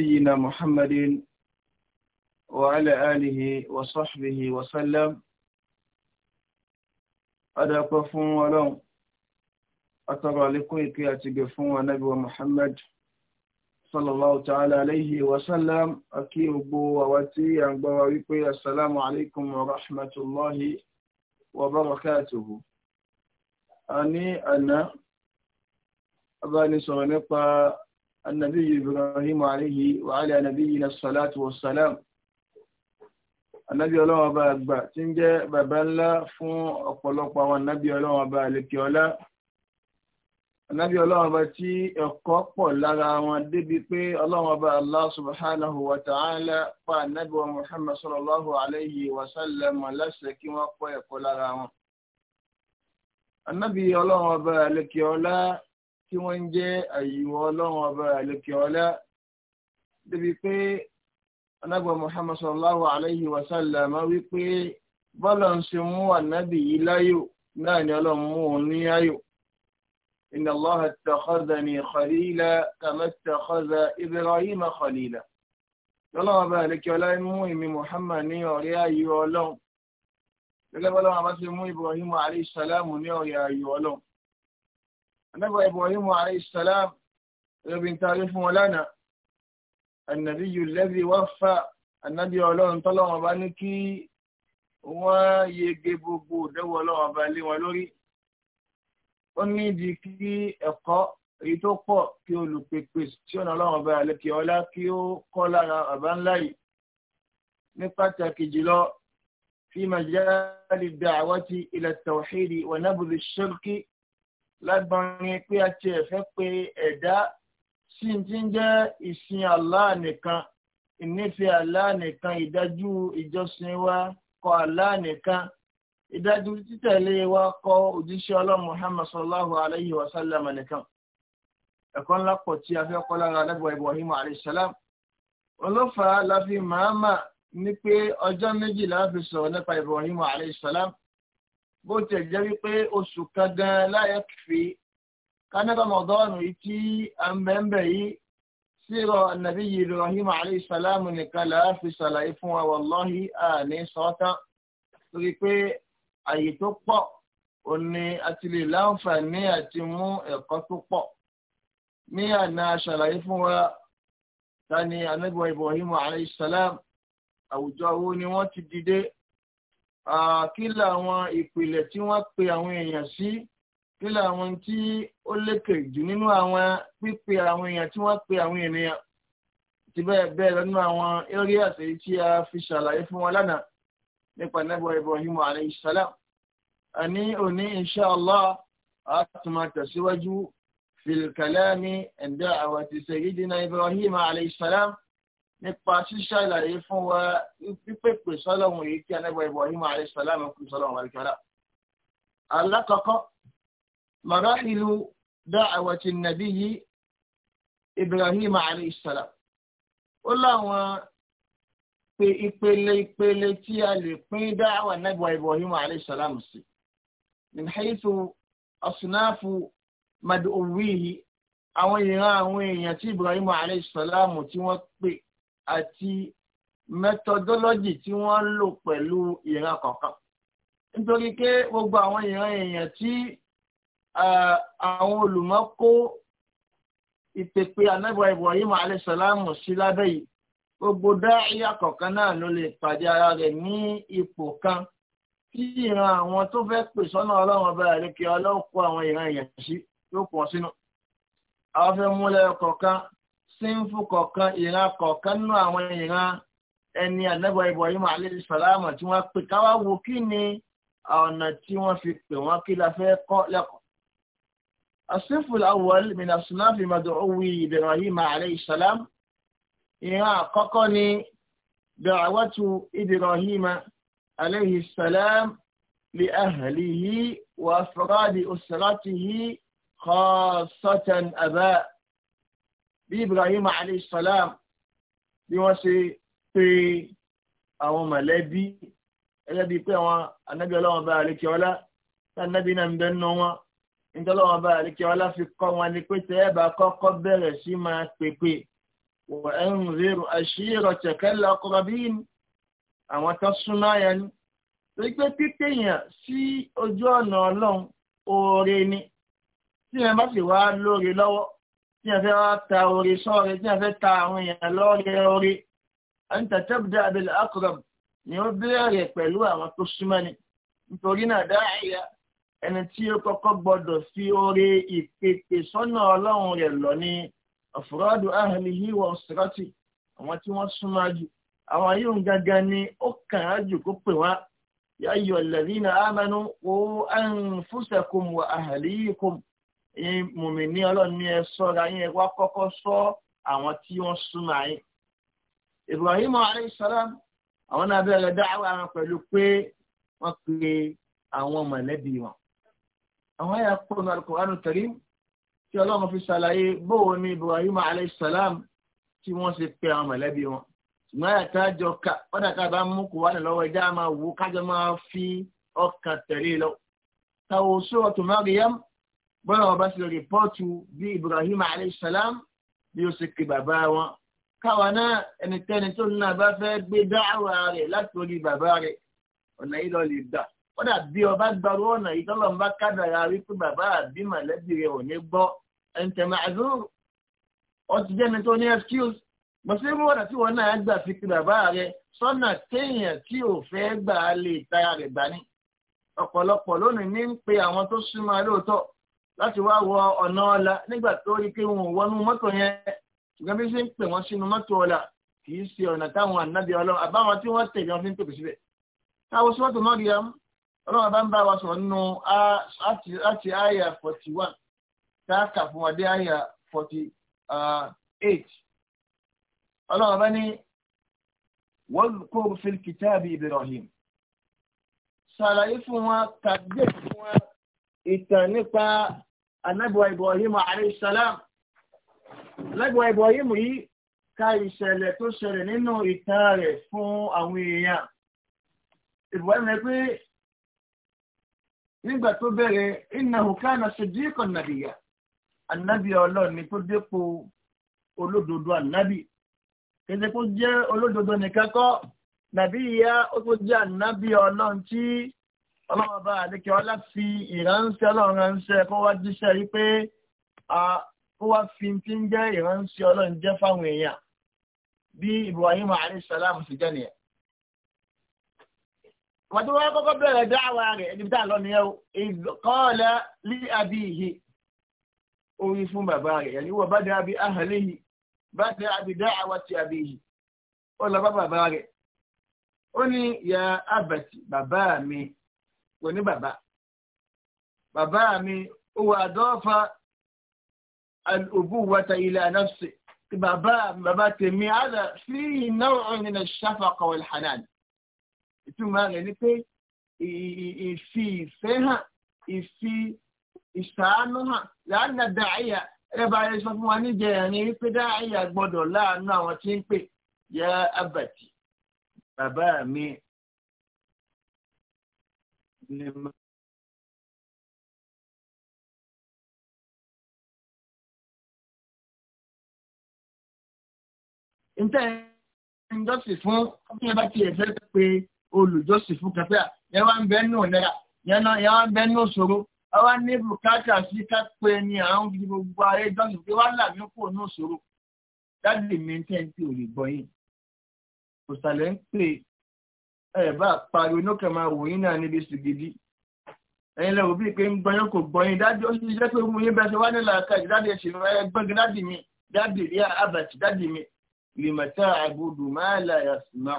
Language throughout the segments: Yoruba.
نبينا محمد وعلى آله وصحبه وسلم أدعوكم فون ولون أترى لكم إكياتي فون ونبي محمد صلى الله تعالى عليه وسلم أكيب وواتي عن بوابكم السلام عليكم ورحمة الله وبركاته أني أنا أباني سوى النبي إبراهيم عليه وعلى نبينا الصلاة والسلام Ànábì ọlọ́run ọba àgbà tí ń jẹ́ bàbá ńlá fún ọ̀pọ̀lọpọ̀ àwọn ànábì ọlọ́run ọba àlèkè ọlá. Ànábì ọlọ́run ọba tí ẹ̀kọ́ pọ̀ lára wọn débi pé ọlọ́run ọba Allah subhanahu wa ta'ala pa ànábì wa Muhammad sallallahu alayhi wa sallam láṣẹ kí wọ́n kọ́ ẹ̀kọ́ lára wọn. Ànábì ọlọ́run ọba àlèkè ọlá tí wọ́n ń jẹ́ àyíwọ́ ọlọ́run ọba àlòkè ọlá débi pé anábọ̀ Muhammad sallallahu alayhi wa sallam wípé bọ́lá ń ṣe mú ànábì yìí láyò náà ni ọlọ́run mú òun ní ayò. إن الله اتخذني خليلا كما اتخذ إبراهيم خليلا lọ́lọ́wọ́ bá ẹ̀lẹ́kẹ́ ọláìmú ìmì Muhammad ní ọ̀rẹ́ ayé ọlọ́run gẹ́gẹ́ bọ́lọ́wọ́ bá ti mú Ibrahim alayhi salamu ní ọ̀rẹ́ ayé ọlọ́run anábọ̀ Ibrahim alayhi salam ìròyìn tààrí fún wọn lánàá ànàbí yulẹ́bí wá fà ànábì ọlọ́run tọ́lọ́wọ́n bá ní kí wọ́n yege gbogbo òdẹ́wọ̀ ọlọ́run bá lé wọn lórí ó ní ìdí kí ẹ̀kọ́ èyí tó pọ̀ kí olùpèpè tí ọ̀nà ọlọ́run bá lè kí ọlá kí ó kọ́ lára bàbá ńlá yìí ní pàtàkì jùlọ fi màjálì da'wati ila tawhidi wa nabdhi shirki. lágbọ́nrin pé a ti ẹ̀fẹ́ pé ẹ̀dá sí ti ń jẹ́ ìsìn Allah nìkan ìnífẹ̀ẹ́ Allah nìkan ìdájú ìjọsìn wa kọ Allah ìdájú títẹ̀lé wa kọ òjíṣẹ́ ọlọ́run Muhammad sallallahu alayhi wa sallam nìkan. ẹ̀kọ́ ńlá pọ̀ tí a fẹ́ kọ́ lára alágbọ̀ Ibrahim alayhi salam. olófà la fi màámà pé bó tiẹ̀ jẹ́ wípé oṣù kan gan láyé fi kánábà mọ̀dọ́ọ̀nù yìí tí à ń bẹ̀ ń bẹ̀ yìí síra nàbí yìí Ibrahim alayhi salamu nìkan là á fi ṣàlàyé fún wa wàlọ́hì àní sọ́tàn torí pé àyè tó pọ̀ ò àti lè láǹfààní àti mú ẹ̀kọ́ tó pọ̀ ní àná ṣàlàyé fún wa ta ni anábìwá Ibrahim alayhi àwùjọ wo ni wọ́n ti dìde kí làwọn ìpìlẹ̀ tí wọ́n pe àwọn èèyàn sí kí làwọn tí ó lékè jù nínú àwọn pípe àwọn èèyàn tí wọ́n pe àwọn ènìyàn ti bẹ́ẹ̀ bẹ́ẹ̀ lọ́nà àwọn areas èyí tí a fi ṣàlàyé fún wọn lánàá nípa nẹ́bọ̀ Ibrahim alayhi salam àní òní insha Allah a tún máa tẹ̀síwájú fil kalami inda àwàtì sayyidina Ibrahim alayhi salam nípa ṣíṣàlàyé fún wa pípèpè sọ́lọ́hún èyí tí anábọ̀ Ibrahim alayhi salam kú sọ́lọ́hún àríkàlá. alákọ̀ọ́kọ́ marahilu da'awati nabiyyi Ibrahim alayhi salam. ó láwọn pé ìpele ìpele tí a lè pín dáhàwà anábọ̀ Ibrahim alayhi salam sí. min haythu asnafu mad'uwihi àwọn ìran àwọn èèyàn tí Ibrahim alayhi tí wọ́n pè àti methodology tí wọ́n ń lò pẹ̀lú ìran kọ̀ọ̀kan nítorí pé gbogbo àwọn ìran èèyàn tí àwọn olùmọ̀ kó ìpèpè anábọ̀ Ibrahim alayhisalamu sí lábẹ́ yìí gbogbo dáhìá kọ̀ọ̀kan náà ló lè pàdé ara rẹ̀ ní ipò kan tí ìran àwọn tó fẹ́ pè sọ́nà ọlọ́run ọba àríkè ọlọ́run kó àwọn ìran èèyàn sí ló pọ̀ sínú. àwọn fẹ́ múlẹ̀ kọ̀ọ̀kan sínfù kọ̀ọ̀kan ìran kọ̀ọ̀kan nínú àwọn ìran ẹni ànábọ̀ Ibrahim alayhi salam tí wọ́n pè káwá wo kí ni ọ̀nà tí wọ́n fi pè wọ́n kí la fẹ́ kọ́ lẹ́kọ̀ọ́. mina sunafi madu الصنف الأول من أصناف مدعوي إبراهيم عليه السلام يعققني دعوة إبراهيم عليه السلام لأهله yìí أسرته خاصة أباء bí Ibrahim alayhi salam bí wọ́n ṣe pé àwọn mọ̀lẹ́bí ẹgbẹ́ bíi pé àwọn anábì ọlọ́wọ́n bá àlékè ọlá tí anábì náà ń bẹ́ nù wọn nítorí ọlọ́wọ́n bá àlékè ọlá fi kọ́ wọn ni pé tẹ́ ẹ bá kọ́kọ́ bẹ̀rẹ̀ sí máa pèpè wọ́n ẹ̀ rírun àṣírò tẹ̀kẹ́lá ọkọ̀ bíi àwọn tó súnmọ́ yẹn ni torí pé pípéyàn sí ojú ọ̀nà ọlọ́run oore ni tí yẹn bá sì wá lóore lọ́wọ́ tí a fẹ́ wá ta orí sọ́ọ̀rẹ́ tí a fẹ́ ta àwọn èèyàn lọ́ọ̀rẹ́ orí anta tabda bil aqrab ni ó bẹ̀rẹ̀ pẹ̀lú àwọn tó súnmọ́ ni nítorí náà dáhìá ẹni tí ó kọ́kọ́ gbọ́dọ̀ fi orí ìpèpè sọ́nà ọlọ́run rẹ̀ lọ ní afradu ahlihi wa usrati àwọn tí wọ́n súnmọ́ jù àwọn yóò gangan ni ó kàn á jù kó pè wá ya ayyuhal ladhina amanu qu anfusakum wa ahlikum mùmí ní ọlọ́run ní ẹ sọ́ra yín ẹ wá kọ́kọ́ sọ àwọn tí wọ́n súnmọ́ ayé. Ibrahim aleyhisselam àwọn náà bẹ̀rẹ̀ dáhùn àwọn pẹ̀lú pé wọ́n pe àwọn mọ̀lẹ́bí wọn. àwọn ayé àpòrò náà Al-Qur'an Karim tí ọlọ́run fi ṣàlàyé bóun ní Ibrahim aleyhisselam tí wọ́n ṣe pe àwọn mọ̀lẹ́bí wọn. ṣùgbọ́n àyà tá a jọ ká wọ́n dàgbà bá mú kó wà ní lọ́wọ́ ẹja máa wò kájọ máa fi ọkàn tẹ̀lé lọ. tàwọn Suratu Maryam bọ́lá wọn bá ṣe rìpọ́ọ̀tù bí Ibrahim aleyhisselam bí ó ṣe pè bàbá wọn káwa náà ẹnikẹ́ni tó ní náà bá fẹ́ gbé dáhùn rẹ̀ látòrí bàbá rẹ̀ ọ̀nà yìí lọ lè dà kódà bí ọba gbarú ọ̀nà yìí tọ́lọ́ bá kádàrà wípé bàbá àbí màlẹ́bí rẹ̀ ò ní gbọ́ ẹ̀ǹtẹ̀mẹ̀ àdúró ọtí jẹ́ni tó ní excuse mọ̀sílẹ́mù wọ̀dà tí wọ́n náà gbà fi pé bàbá rẹ̀ sọ́nà téèyàn tí ò fẹ́ gbà á lè tara rẹ̀ gbà ní ọ̀pọ̀lọpọ̀ lónìí ní ń pe àwọn tó súnmọ́ lóòótọ́ láti wá wọ ọ̀nà ọ̀la nígbà tó rí pé wọn ò wọnú mọ́tò yẹn ṣùgbọ́n bí ṣe ń pè wọ́n sínú mọ́tò ọ̀la kì í ṣe ọ̀nà táwọn ànábì ọlọ́run àbáwọn tí wọ́n tẹ̀lé wọn fi ń tòkè síbẹ̀. táwọn sọ́tò náà yam ọlọ́run bá ń bá wa sọ̀rọ̀ nínú láti àyà forty one tá a kà fún wa dé àyà forty eight. ọlọ́run bá ní wadhkur fil kitabi Ibrahim ṣàlàyé fún wa kàgbé fún wa ìtàn nípa anábíwá Ibrahim alayhi salam lẹ́gbọ̀ọ́ Ibrahim yìí ka ìṣẹ̀lẹ̀ tó ṣẹlẹ̀ nínú ìtàn rẹ̀ fún àwọn èèyàn Ibrahim rẹ̀ pé nígbà tó bẹ̀rẹ̀ innahu kana siddiqan nabiyya anábì ọlọ́run ni tó dépò olódodo olododo ọlọ́run bá àdékẹ́ ọlá fi ìránṣẹ́ ọlọ́run ránṣẹ́ kó wá jíṣẹ́ rí pé kó wá fi ti ń jẹ́ ìránṣẹ́ ọlọ́run jẹ́ fáwọn èèyàn bí Ibrahim alayhi salam sì jẹ́ nìyẹn. wọ́n ti wọ́n kọ́kọ́ bẹ̀rẹ̀ dáwà rẹ̀ ẹni bí tá à lọ nìyẹn o ìkọ́ọ̀lẹ́ lí àbí ìhe orí fún bàbá rẹ̀ yẹn wọ́n bá dé àbí ahàlẹ́yìn bá dé àbí dáhàwá ti àbí ìhe ó lọ bá bàbá rẹ̀ ó ní yà ábàtì bàbá mi kò ní bàbá bàbá mi ó wà dọ́fà al-ubuwata ila nafsi bàbá bàbá tèmi àdà sí naw'un min ash-shafaqa wal-hanan ìtumọ̀ rẹ̀ ni pé ìfi ìfẹ́ hàn ìfi ìṣàánú hàn làánà dàáyà ẹ bá yẹ sọ fún wa níjẹ ẹ̀rin wípé dàáyà gbọ́dọ̀ láàánú àwọn tí ń pè yá abàtì bàbá mi ನಿಮ್ಮ ntẹ ìjọsìn fún bí ẹ bá tiẹ̀ fẹ́ pé olùjọsìn fún kẹfẹ́ à yẹn wá ń bẹ nù náírà yẹn wá ń bẹ nù ṣòro àwa ní bùkátà sí kápẹ́ ni àwọn gidi gbogbo ayé jọsìn pé wá là mí kò nù ṣòro dáàbì mi ń tẹ́ ò lè gbọ́ yìí kò ń pè ẹ bá pariwo inú kan máa wò yín náà níbi sùgìdì ẹ̀yin lẹ́wọ̀ bíi pé ń gbọ́yán kò gbọ́yìn dájú ó sì jẹ́ pé mú yín bẹ́sẹ̀ wá nílà káàdì dáàdì ẹ̀sìn rẹ̀ gbọ́ngàn dáàdì mi dáàdì rí àbàtì dáàdì mi lèmọ̀tà àgbòdù máa là yàtúmọ̀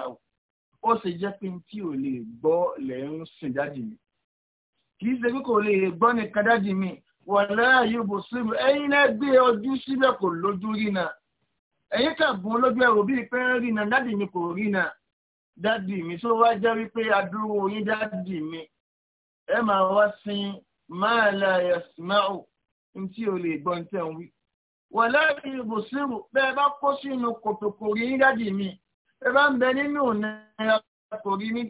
ó sì jẹ́ pé tí ò lè gbọ́ lẹ̀ ń sìn dáàdì mi kì í ṣe pé kò lè gbọ́ nìkan dáàdì mi wọ̀lẹ́ àyùbò síbi ẹ̀yin náà gbé ojú síbẹ̀ kò lójú rí náà ẹ̀yin kà gún ẹ̀rọ bíi pé ń rí náà dáàdì mi kò rí náà dádì mi tó wá jẹ́ wípé adúrú yín dádì mi ẹ máa wá sin máa la yasma'u ní tí o lè gbọ́ ní tẹ̀ ń wí. wà láàrin ìbòsírò bẹ́ẹ̀ bá kó sínú kòtòkòrò yín dádì mi ẹ bá ń bẹ nínú ìnira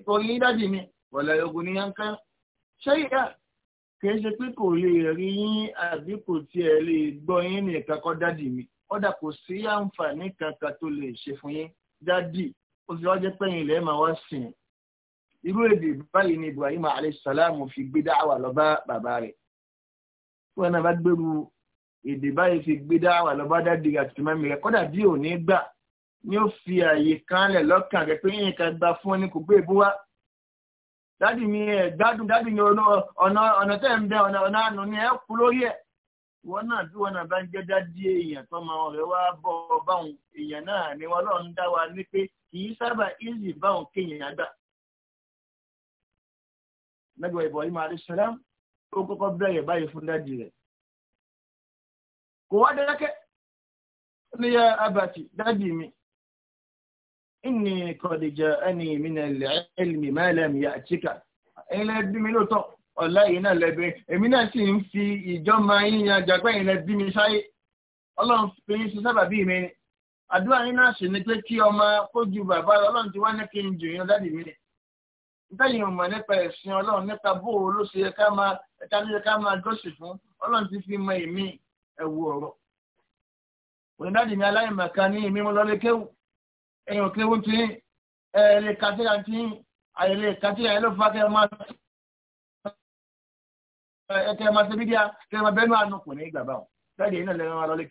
kòrí yín dádì mi wà láyé ogun ní yánká. ṣé ìyá kìí ṣe pé kò lè rí yín àbí kò tiẹ̀ lè gbọ́ yín nìkan kọ́ dádì mi kódà kò sí àǹfààní kankan tó lè ṣe fún yín dádì ó sì wá jẹ́ pẹ́yìn ilẹ̀ máa wá sìn irú èdè báyìí ni Ibrahim alayhisalaam fi gbé dáhàwà lọ bá bàbá rẹ̀ fún ẹ̀nà bá gbèrú èdè báyìí fi gbé dáhàwà lọ bá dáàdì àti mẹ́mi rẹ̀ kọ́dà bí ò ní gbà ni ó fi àyè kanlẹ̀ lọ́kàn rẹ̀ pé yín kan gba fún ọ ní kò gbé ìbú wá dádì mi ẹ̀ gbádùn dádì mi ọ̀nà tẹ́ ń bẹ ọ̀nà àánú ni ẹ kú lórí ẹ̀ wọn náà bí wọn náà bá ń jẹ́ dádì èèyàn tọ́mọ rẹ̀ wá bọ́ báwọn èèyàn náà ni wọn lọ́ọ́ ń dá wa ní pé kì í sábà easy báwọn kéèyàn àgbà. Nàgbà Ibrahim Alayhisalam ó kọ́kọ́ bẹ̀rẹ̀ báyìí fún dájì rẹ̀. Kò wá dákẹ́ ní ya abàtì dájì mi. Inni qad ja'ani minal ilmi ma lam ya'tika. Ẹ̀yin lẹ́ bí mi lóòótọ́, ọ̀la yìí náà lẹ́bẹ̀. Èmi náà sì ń fi ìjọ́ máa ń yan jàgbá yìí bí mi sáyé. Ọlọ́run fi ń ṣe sábàbí mi ni àdúrà yín náà sì ni pé kí ọmọ kó ju bàbá ọlọ́run ti wá ní kí n jù yín dádì mi nì ntẹ́yìn mọ̀ nípa ẹ̀sìn ọlọ́run nípa bóòó ló ṣe ká máa ẹ̀ka ló ṣe ká máa jọ́sì fún ọlọ́run ti fi mọ èmi ẹ̀wù ọ̀rọ̀ òní dádì mi aláìmọ̀ká ní èmi mo lọ́lé kéwù ẹ̀yìn òkéwù tí ẹ̀ẹ́lẹ̀ kàtíyà tí àyẹ̀lẹ̀ kàtíyà ẹ̀ ló fà kẹ́ máa ẹ̀kẹ́ máa ṣe bídíà kẹ́ máa bẹ́nu àánú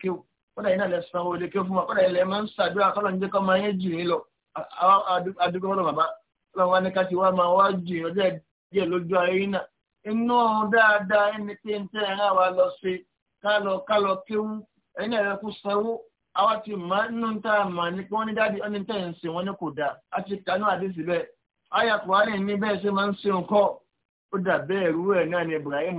kò kọ́dà yìí náà lẹ sọ àwọn olèké fún wa kọ́dà yìí lẹ máa ń ṣàdúrà kọ́dà ń jẹ́ kọ́ máa yẹn jì yín lọ àdúgbò wọn bàbá kọ́dà wọn ní ká ti wá máa wá yín ọjọ́ díẹ̀ lójú ayé yín náà wa lọ sí kálọ kálọ kéwú ẹni ẹ̀rọ kú sanwó àwa ti mọ inú tá a mọ̀ ni pé wọ́n ní dáàdi ọ́ni ń sìn kò dáa a ti kánú àdéhùn bẹ́ẹ̀ àyà kùránì ní bẹ́ẹ̀ ṣe máa ń sìn kọ́ ó dà bẹ́ẹ̀ rú ẹ̀ náà ni Ibrahim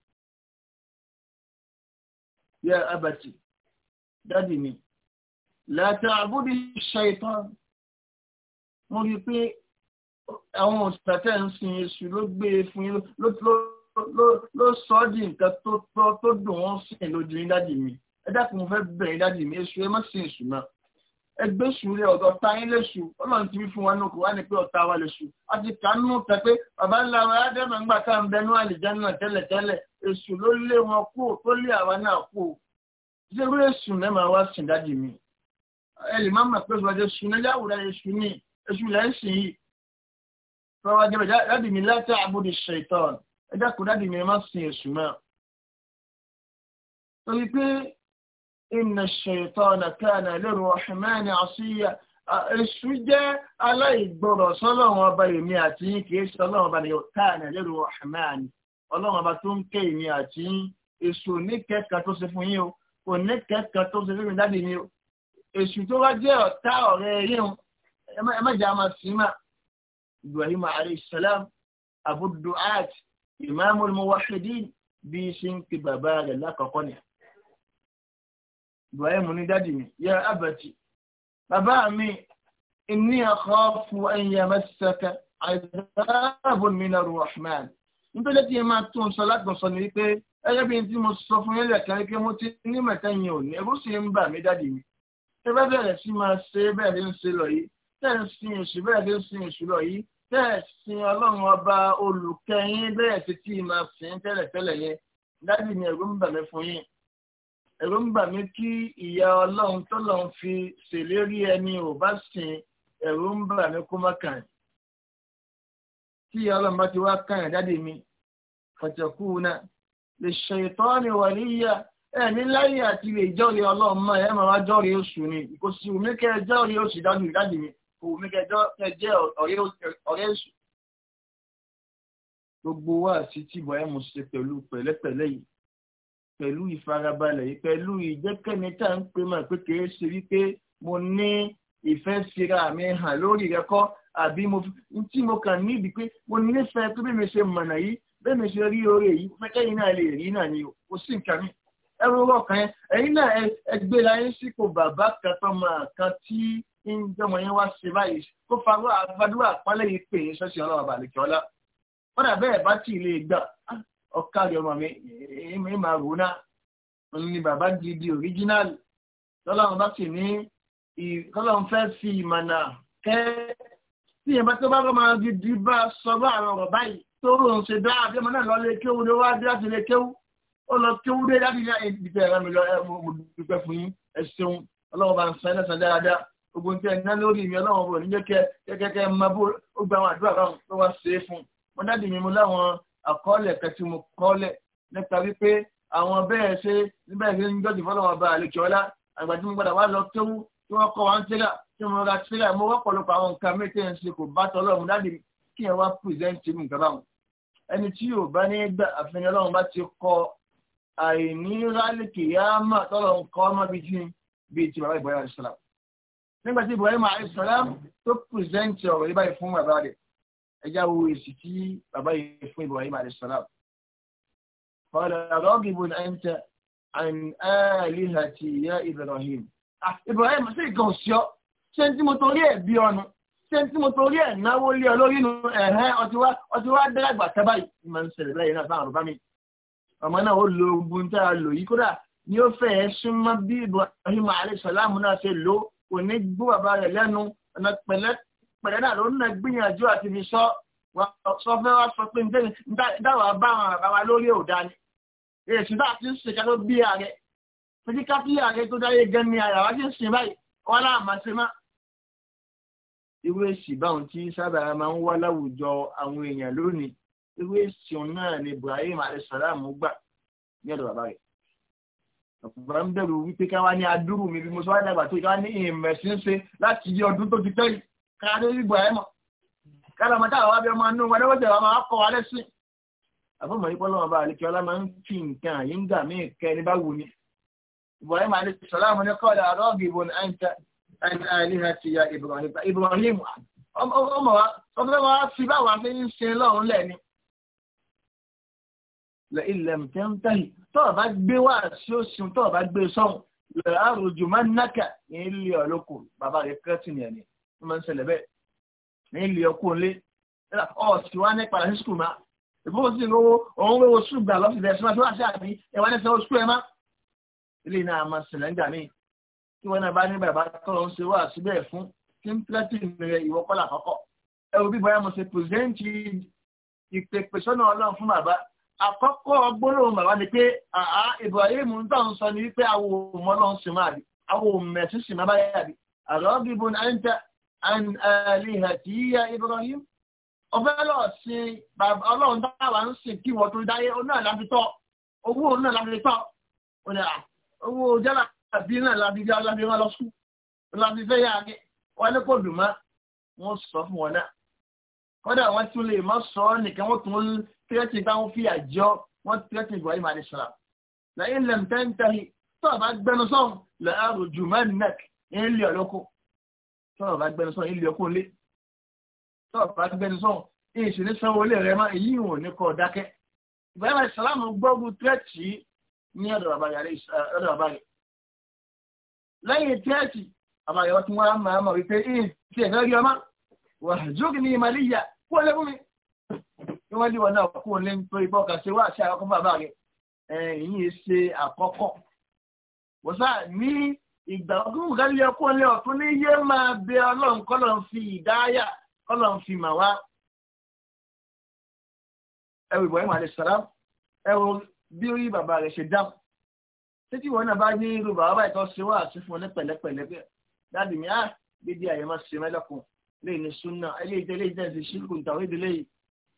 Ya abati, dádì mi láti àbúdí ṣàìtàn mo rí i pé àwọn òṣìṣẹ́ ń sin èṣù ló gbé e fún yín ló sọ ọ́ di nǹkan tó dùn wọ́n sìn lójú yín dádì mi ẹ dákun mo fẹ́ bẹ̀rẹ̀ dádì mi èṣù ẹ má sin èṣù ẹgbẹ́ sùn rẹ̀ ọ̀dọ̀ ta yín lẹ́sù ọlọ́run ti wí fún wa nùkú wá ní pé ọ̀tá wa lẹ́sù a ti kà nù tẹ pé bàbá ńlá wa ádámà ń gbà ká ń bẹnu àlìjáná tẹ́lẹ̀tẹ́lẹ̀ èṣù ló lé wọn kú tó lé àwa náà kú zero èṣù mẹ́màá wá sìn dájú mi ẹ lè má mà pé ìwádìí èṣù ní yàwùrẹ́ èṣù ní èṣù lẹ́sìn yìí fọwọ́ jẹ́ dájú mi láti àbúdí ṣètọ́n ẹ dákun dájú mi má sìn èṣù náà inna ash-shaytana kana lir-rahmani asiya èṣù jẹ́ aláìgbọrọ̀ sọ́lọ́run ọba èmi àti yín kì í ṣe ọlọ́run ọba nìyẹn kana lir-rahmani ọlọ́run ọba tó ń ké èmi àti yín èṣù oníkẹ́ka tó ṣe fún yín o oníkẹ́ka tó ṣe fún mi dáàbì mi o èṣù tó wá jẹ́ ọ̀tá ọ̀rẹ́ yín ẹ má jẹ́ àmà símà ibrahim alayhi salam abu du'at imamul muwahhidin bí ṣe ń pe bàbá rẹ̀ lákọ̀ọ́kọ́ nìyẹn. Ibrahim ní dádì mi yá abàtì bàbá mi inni akhafu an yamassaka azabun minar rahman nítorí tí ẹ máa tún sọ látọ̀ sọ ní wípé ẹgbẹ́ bíi tí mo sọ fún yẹn lẹ́ẹ̀kan wípé mo ti ní mẹ́ta yẹn ò ní ẹ̀rù sì ń bà mí dádì mi ẹ bá bẹ̀rẹ̀ sí máa ṣe bẹ́ẹ̀ ní ń ṣe lọ yìí tẹ́ ń sin èṣù bẹ́ẹ̀ ní ń sin èṣù lọ yìí tẹ́ sin ọlọ́run ọba olùkẹ́yìn bẹ́ẹ̀ ti tí ì máa sìn tẹ́lẹ̀tẹ́lẹ̀ yẹn dádì mi ẹ̀rù ń bà mí fún yín ẹ̀rù ń bà mí kí ìyá ọlọ́run tọ́lọ́run fi ṣèlérí ẹni ò bá sìn ẹ̀rù ń bà mí kó má kàn yín. tí ìyá ọlọ́run bá ti wá kàn yín jáde mi fọ̀tẹ̀kù náà lè ṣe ìtọ́ni wà níyà ẹ̀ ní láyé àti lè jọ́rìí ọlọ́run mọ́ ẹ̀ máa wá jọ́rìí oṣù ni kò sí òmíkẹ́ jọ́rìí oṣù dájú ìdájú mi kò òmíkẹ́ jẹ́ ọ̀rẹ́ oṣù. gbogbo wa àti tìbọ̀ ẹ̀ mú ṣe pẹ̀lú pẹ̀lẹ́pẹ̀lẹ́ yìí pẹ̀lú ìfarabalẹ̀ yìí pẹ̀lú ìjẹ́kẹ̀mí tá à ń pè mọ̀ pé kìí ṣe wípé mo ní ìfẹ́ síra mi hàn lórí rẹ kọ́ àbí mo tí mo kàn níbi pé mo nífẹ̀ẹ́ pé bí mi ṣe mọ̀nà yìí bí mi ṣe rí oore yìí fẹ́kẹ́yìn náà lè rí náà ni o sì ń kà mí ẹrú ọkàn yẹn ẹ̀yin náà ẹ gbéra yín sí kò bàbá kan tó mọ kan tí ń jọmọ yín wá ṣe báyìí kó farú àgbàdúrà pálẹ̀ yìí pè yín ṣọ́ọ̀ṣì ọlọ́wà bàlẹ̀kẹ́ ọlá kódà bẹ́ẹ̀ bá tì í lè gbà ọ̀kàrí ọmọ mi èmi máa wò náà ni bàbá gidi original tọ́láwọn bá sì ní tọ́láwọn fẹ́ fi ìmọ̀nà kẹ́ tí ìyẹn bá tó bá rọ máa gidi bá sọ̀rọ̀ àwọn ọ̀rọ̀ báyìí tó rò ń ṣe dá àbí ọmọ náà lọ lé kéwu ló wá dé láti lé kéwu ó lọ kéwu dé láti ní ìdìbò ẹ̀rọ mi lọ mo dúpẹ́ fún yín ẹ ṣeun ọlọ́wọ́ bá ń san ẹ̀sán dáadáa ogun tẹ ẹ̀ ná lórí mi ọlọ́wọ́ bò ní jẹ́ kẹ́ máa bó ó gba àwọn àdúrà báwọn tó wá ṣe é fún mo dáàdì mi àkọọ́lẹ̀ kan tí mo kọ́lẹ̀ nípa wípé àwọn bẹ́ẹ̀ ṣe níbẹ̀ ṣe ń jọ́jú fọlọ́wọ́ bá àlejò ọlá àgbà tí mo padà wá lọ kéwú tí wọ́n kọ́ wa ń tíra tí mo ra tíra mo wọ́pọ̀lọpọ̀ àwọn nǹkan méjì ń ṣe kò bá tọ́lọ́run dáàdì kí ẹ wá pìrìsẹ́ǹtì mi nǹkan báwọn ẹni tí yóò bá ní gbà àfihàn ọlọ́run bá ti kọ àìní rálìkì yá mà tọ́lọ́run kọ́ ọmọ bíi ti bíi ti bàbá Ibrahim alayhi salam nígbà tí Ibrahim alayhi salam tó pìrìsẹ́ǹtì ọ̀rọ̀ yìí báyìí fún bàbá rẹ̀ ẹjá wo èsì tí bàbá yìí fún Ibrahim alayisalaam qala ragibun anta an alihati ya Ibrahim ah Ibrahim ṣé ìkan òṣìọ́ ṣé ń tí mo torí ẹ̀ bí ọnu ṣé ń tí mo torí ẹ̀ náwó lé ọ lórí nu ẹ̀hẹ́ ọtí wá dẹ́gbà tábà yìí máa ń ṣẹlẹ̀ báyìí náà fáwọn bàbá mi ọmọ náà ó lo ogun tá a lò yìí kódà ni ó fẹ́ ẹ súnmọ́ bí Ibrahim alayisalaam náà ṣe lò kò gbó bàbá rẹ̀ lẹ́nu ọ̀nà pẹ̀lẹ́ pẹ̀lẹ́ náà ló ń nà gbìyànjú àti fi sọ sọ fẹ́ wá sọ pé dáwà bá àwọn àbá wa lórí òdá ni èsì bá ti ń sìn ká ló bí ààrẹ títí ká bí ààrẹ tó dáyé gan ni àyàwá ti ń sìn báyìí wọn láàmà ṣe má. irú èsì báwọn tí sábà máa ń wá láwùjọ àwọn èèyàn lónìí irú èsì náà ni Ibrahim alayisalaam gbà ní ọ̀dọ̀ bàbá rẹ̀ ọ̀pọ̀ ń bẹ̀rù wípé ká wá ní adúrú mi bí mo sọ wá dàgbà tó ká ní ìmẹ̀sìn ṣe láti yí ọdún tó ti tẹ́yìn káàdé ìgbà ẹ̀ mọ̀ kára mọ́tà àwọn abẹ́ ọmọ inú wọn lọ́wọ́dẹ̀ wọn máa kọ́ wa lẹ́sìn. àfọmọ yìí pọ́nlọ́wọ́ bá àlekí ọlá máa ń fi nǹkan àyè ń gà mí kẹ́ ní bá wù ní. ibrahim alayhi salam ní kọ́ọ̀dà rọ́ọ̀gì ibùn àìntà àìlíhà ti ya ibrahim ọmọ wa ọmọ wa fi báwa fi ń sin lọ́run lẹ́ni. ilẹ̀ mtẹ́ntẹ́lì tọ́ọ̀ bá gbé wá sí òsùn tọ́ọ̀ bá gbé sọ́hùn ló máa ń ṣẹlẹ̀ bẹ́ẹ̀ ní ilé ọkùnrin lé ọ̀sì wa ní padà sí skul ma ìfowó sí lówó òun lówó skul gbà lọ́sì bẹ́ẹ̀ sọ́nà tó wà sí àbí ẹ̀wá ní sẹ́wọ́ skul ẹ̀ má ilé náà máa ṣẹlẹ̀ ń gbà mí kí wọ́n náà bá ní bàbá tọ́lọ́ ń ṣe wá síbẹ̀ fún kí n pẹ́tì rẹ ìwọ kọ́là kọ́kọ́ ẹ wo bí bọ́yá mo ṣe pèsèǹtì ìpèpè sọ́nà ọlọ́run fún bàbá àkọ́kọ́ gbólóhùn bàbá ni pé àá Ibrahim ń tàn sọ ni wípé àwọn òmọ́ ọlọ́run sì máa rí àwọn òmẹ̀sí sì máa bá yà rí àrọ́ bíbo náà ń tẹ́ an alihati ya ibrahim ọfẹ lọ sí bàbá ọlọ́run dáwà ń sìn kí wọn tó dáyé ọ náà láti tọ owó ọ náà láti tọ ọ ní à owó jẹlá àbí náà láti jẹ láti rán lọ sùn láti fẹ yá ni wọn ní kò dùn mọ wọn sọ fún wọn náà kódà wọn tún lè má sọ ọ nìkan wọn tún tírẹtì bá wọn fi àjọ wọn tírẹtì ibrahim alayisala lẹ́yìn lẹmtẹntẹhi tó a bá gbẹnu sọhùn lẹ àrùn jùmọ nẹk ń lé ọlọkọ tọ́ọ̀ bá gbẹnu sọ ilé ọkọ̀ lé tọ́ọ̀ bá gbẹnu sọ èsì ní sanwó ilé rẹ má èyí ìwọ̀n ní kọ́ dákẹ́ ìbáyọ̀ bá ìsàlámù gbọ́gun tẹ́ẹ̀tì ní ọ̀dọ̀ bàbá rẹ̀ lẹ́yìn tẹ́ẹ̀tì àbá yọ̀ tún wá máa mọ̀ wípé ẹ̀ tí ẹ̀ fẹ́ rí ọmọ wà jókè ní ìmàlíyà kú ọ lẹ́kùn mi kí wọ́n díwọ̀n náà kú ní nítorí bọ́ọ̀kà ṣe wá àṣà àkọ́kọ́ bàbá rẹ̀ ẹ̀yìn ṣe àkọ́kọ́ wọ́n sá ní ìgbà ọdún kan yẹ kó lé ọ̀tún ní yé máa bẹ ọlọ́run kọ́lọ̀ ń fi ìdáyà kọ́lọ̀ ń fi mà wá. ẹ wò Ibrahim alayhi salam ẹ wò bí orí bàbá rẹ̀ ṣe dáhùn. títí wọn náà bá ní irú bàbá báyìí tó ṣe wá àti fún ní pẹ̀lẹ́pẹ̀lẹ́ bẹ́ẹ̀ dáàbì mi á dídí àyè máa ṣe mẹ́lẹ́kùn lè ní súnà eléyìí eléyìí náà ti ṣírkù tàwọn ìdílé yìí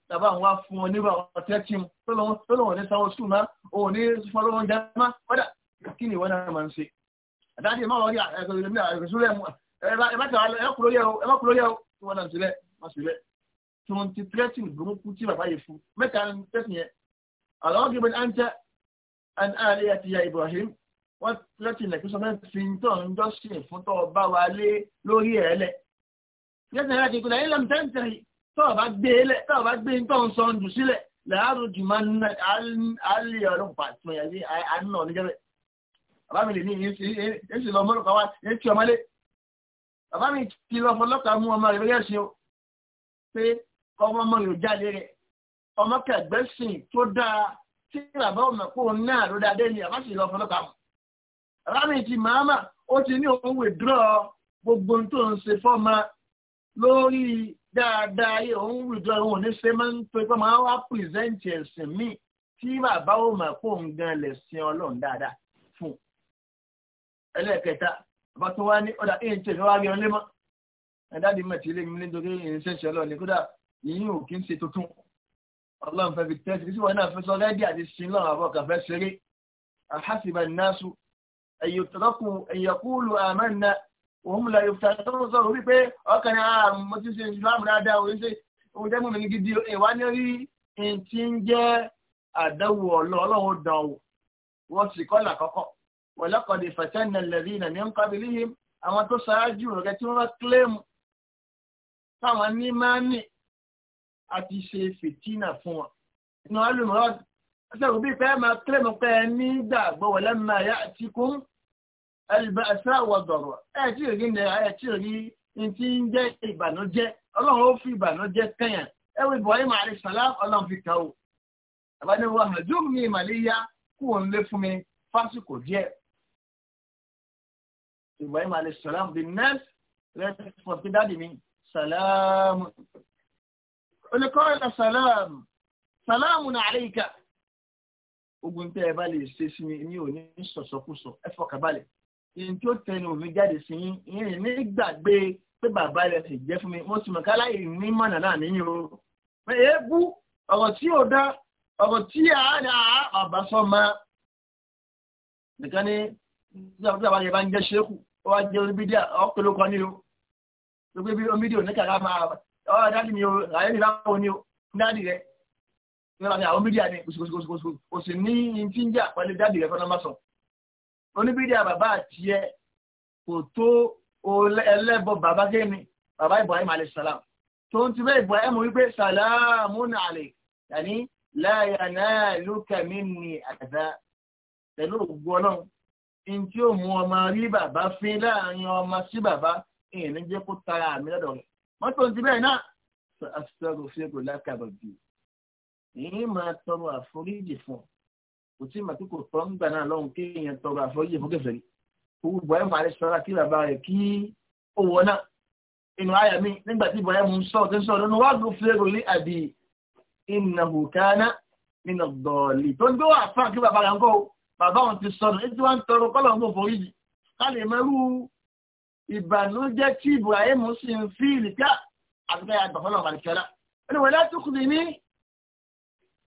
tàbá àwọn afún wọn nígbà ọ̀tẹ́ tí mo tó lọ́wọ́ ní sanwó sùn má òun ní fọlọ́wọ́ jẹ́ má kọ́dà kí ni ìwọ náà máa ń ṣe àtàkì máa wọlé ẹ̀sùn ìlú ẹ̀sùnlẹ̀ ẹ̀kúlórí ẹ̀ tí wọ́n náà sílẹ̀ wọ́n sílẹ̀ tí Ibrahim wọ́n tẹ́tì lẹ̀kí sọ fẹ́ẹ́ fi ń tọ́ ń jọ́sìn fún tọ́ bá wa lé lórí ẹ̀ lẹ̀ tẹ́tì yẹn ti kúlẹ̀ ilẹ̀ ń tẹ́ntẹ́ tọ́ bá gbé e e ń tọ́ ń sọ ń jù sílẹ̀ làárọ̀ jù máa ń ná ọlọ́pàá tí wọ́n bàbá mi lè ní ìyẹn sí ẹ sì lọ mọ́ lọ́kà wá ẹ tí ọmọlé bàbá mi ti lọ fọ lọ́kà mú ọmọ rẹ̀ bẹ́ẹ̀ sí o pé ọmọ ọmọ rẹ̀ ò jáde rẹ̀ ọmọ kẹgbẹ́sìn tó dáa tí bàbá ọmọ kò náà ló dáadé ni bàbá sì lọ fọ lọ́kà mú bàbá mi ti màámà ó ti ní òun wèdúrọ̀ gbogbo tó ń ṣe fọ́ọ̀mà lórí dáadáa yìí òun wèdúrọ̀ òun ò ní ṣe máa ń pè pé máa wá pìrìsẹ́ǹtì ẹ̀sìn míì tí bàbá ò mọ̀ kó ń gan lè sin ọlọ́run dáadáa fún un ẹlẹ́ẹ̀kẹta bá tó wá ní ọ̀dà èyí tẹ̀ lọ́wọ́ agẹrun lé mọ́ ẹ̀dáàdì mẹ́tì ilé mi nítorí ìrìnsẹ̀ṣẹ̀ ọlọ́ọ̀ ni kódà yìnyín ò kí ń ṣe tuntun ọlọ́run fẹ́ fi tẹ́sí sí wọn náà fẹ́ sọ rẹ́dí àti sin lọ́rùn àbọ̀ kà fẹ́ ṣeré àhásìbà náṣu ẹ̀yọ̀tọ́kù ẹ̀yọ̀kúlù àmánà òun la yóò fẹ́ tó ń ah, jẹ́ wọ́n sì kọ́ là kọ́kọ́ wọ̀lọ́kọ̀dé fàtánà lẹ́rí ìnà ní ń kábílì yìí àwọn tó ṣáájú rẹ̀ tí wọ́n bá kílẹ̀mù táwọn ní máa ní àti ṣe fìtínà fún wọn. inú alùmọ́ràn ṣẹ́gun bíi pé máa kílẹ̀mù pé ẹ ní gbàgbọ́ wọlé máa yá àti kún ẹlùbẹ́ ẹ̀sẹ̀ àwọ̀dọ̀rọ̀ ẹ̀ tí rí ní ẹ̀ tí rí ní ti ń jẹ́ ìbànújẹ́ ọlọ́run ó fi ìbànújẹ́ Ibrahim alayhi salam the next response kí dáàdì mi salamu olùkọ́ ẹ̀ka salamu salamu na alayka ogun tẹ́ ẹ bá lè ṣe sí mi ní òní sọ̀sọ̀kúsọ ẹ fọkà balẹ̀ ìyẹn tí ó tẹnu mi jáde sí yín ìyẹn nígbàgbé pé bàbá rẹ̀ sì jẹ́ fún mi mo sì mọ̀ káláyè ní mọ̀nà náà níyìn o pé èébú ọ̀rọ̀ tí ò dá ọ̀rọ̀ tí àádá àbásọ́ máa nìkan ni tí àwọn àbáyẹ bá ń jẹ́ ṣékù ó wá jẹ́ oníbídíà ọ̀pẹ̀lú kan ní o gbogbo ibi oníbídíò ní kàrá máa ọ̀rọ̀ dáàdì mi o ààyè mi láwọn ni o dáàdì rẹ̀ ní ọ̀rọ̀ àwọn oníbídíà ni kòsìkòsìkòsìkò kò sì ní in tí ń jà pẹ̀lú dáàdì rẹ̀ fọ́nà mọ́sàn oníbídíà bàbá àti ẹ kò tó ẹlẹ́bọ bàbá gẹ́mi bàbá Ibrahim alayhi salam tó ń ti bẹ́ Ibrahim wípé salamun alayka yàní la yanaluka minni adha pẹ̀lú ògbó ọlọ́run in tí ó mú ọmọ rí bàbá fín láàrin ọmọ sí bàbá ìní jẹ́ kó tara àmì lọ́dọ̀ rẹ̀ mọ́tò ti bẹ́ẹ̀ náà sọ àṣìṣọ́rò fíego lákàbọ̀ bí ìyín máa tọrọ àforíjì fún kò tí màtí kò tọ́ ń gbà náà lọ́hùn kéèyàn tọrọ àforíjì fún kẹfẹ́ rí owó ìbọ̀yẹ̀ máa sọ́ra kí bàbá rẹ̀ kí owó náà inú àyà mi nígbà tí ìbọ̀yẹ̀ mú sọ̀rọ̀ tó ń sọ̀rọ̀ lọ́nu wàá gùn fíego àbí ìnàhùkáná nínú bàbá wọn ti sọnù ètò wọn tọrọ kọlọ ń bò forí jì ká lè mẹrú ìbànújẹ́ tí Ibrahim sì ń fi ìlìkà ah, àtúntà yà gbàfọlọ àbàlìkẹlá ẹni wọlé àtúkùn ní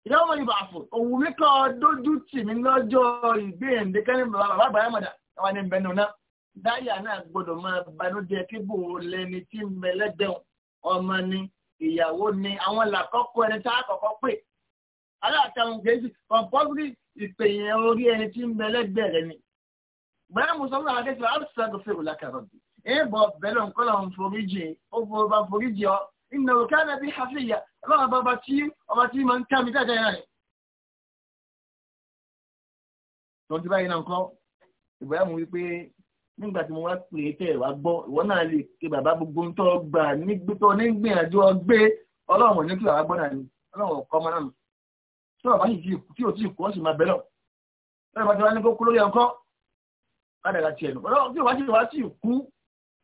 ìdáwọ́ wọn ibà àfò òwú mi kọ́ dójú tì mí lọ́jọ́ ìgbéyàndé kẹ́ni bàbá bàbá àyàmọ̀dà àwọn ẹni bẹ́ẹ̀ nù náà dáyà náà gbọdọ̀ máa banújẹ́ kí bò lẹni tí ń bẹ lẹ́gbẹ̀ẹ́ ọmọ ni ìyàwó ni àwọn làkọ́kọ́ ẹni tá àkọ́kọ́ pè aláàtàwọn kejì kọ̀ǹpọ́sìtì ìpè yẹn orí ẹni tí ń bẹ lẹ́gbẹ̀rẹ̀ ni. bẹ́ẹ̀ mo sọ fún àwọn akẹ́kọ̀ọ́ àbùsàgò fèrò lákàrọ̀ bí. èèbọ̀ bẹ́lẹ̀ nǹkan ń foríjì ó bá foríjì ọ ìnà òkè ànábì àfihàn ọlọ́run bàbá tí ọba tí máa ń ká mi dáadáa yẹn rẹ̀. tọ́jú báyìí náà kọ́ ìbáramu wípé nígbà tí mo wá pè é tẹ̀ wá gbọ́ ìwọ náà lè pe bàbá gbogbo ń tọ́ gbà nígbìtọ́ nígbìyànjú ọgbẹ́ ọlọ́run ò ní kí bàbá gbọ́ náà ni ọlọ́run ò kọ́ ọmọ náà ọ̀bá yìí tí ò tí ì kú ọ́ sì máa bẹ̀rẹ̀ ọ̀ lọ́dọ̀ bá ti wá ní kó kú lórí ẹ̀kọ́ kádàrà tiẹ̀ nù ọ̀dọ́ tí ò bá ti wá sí ìkú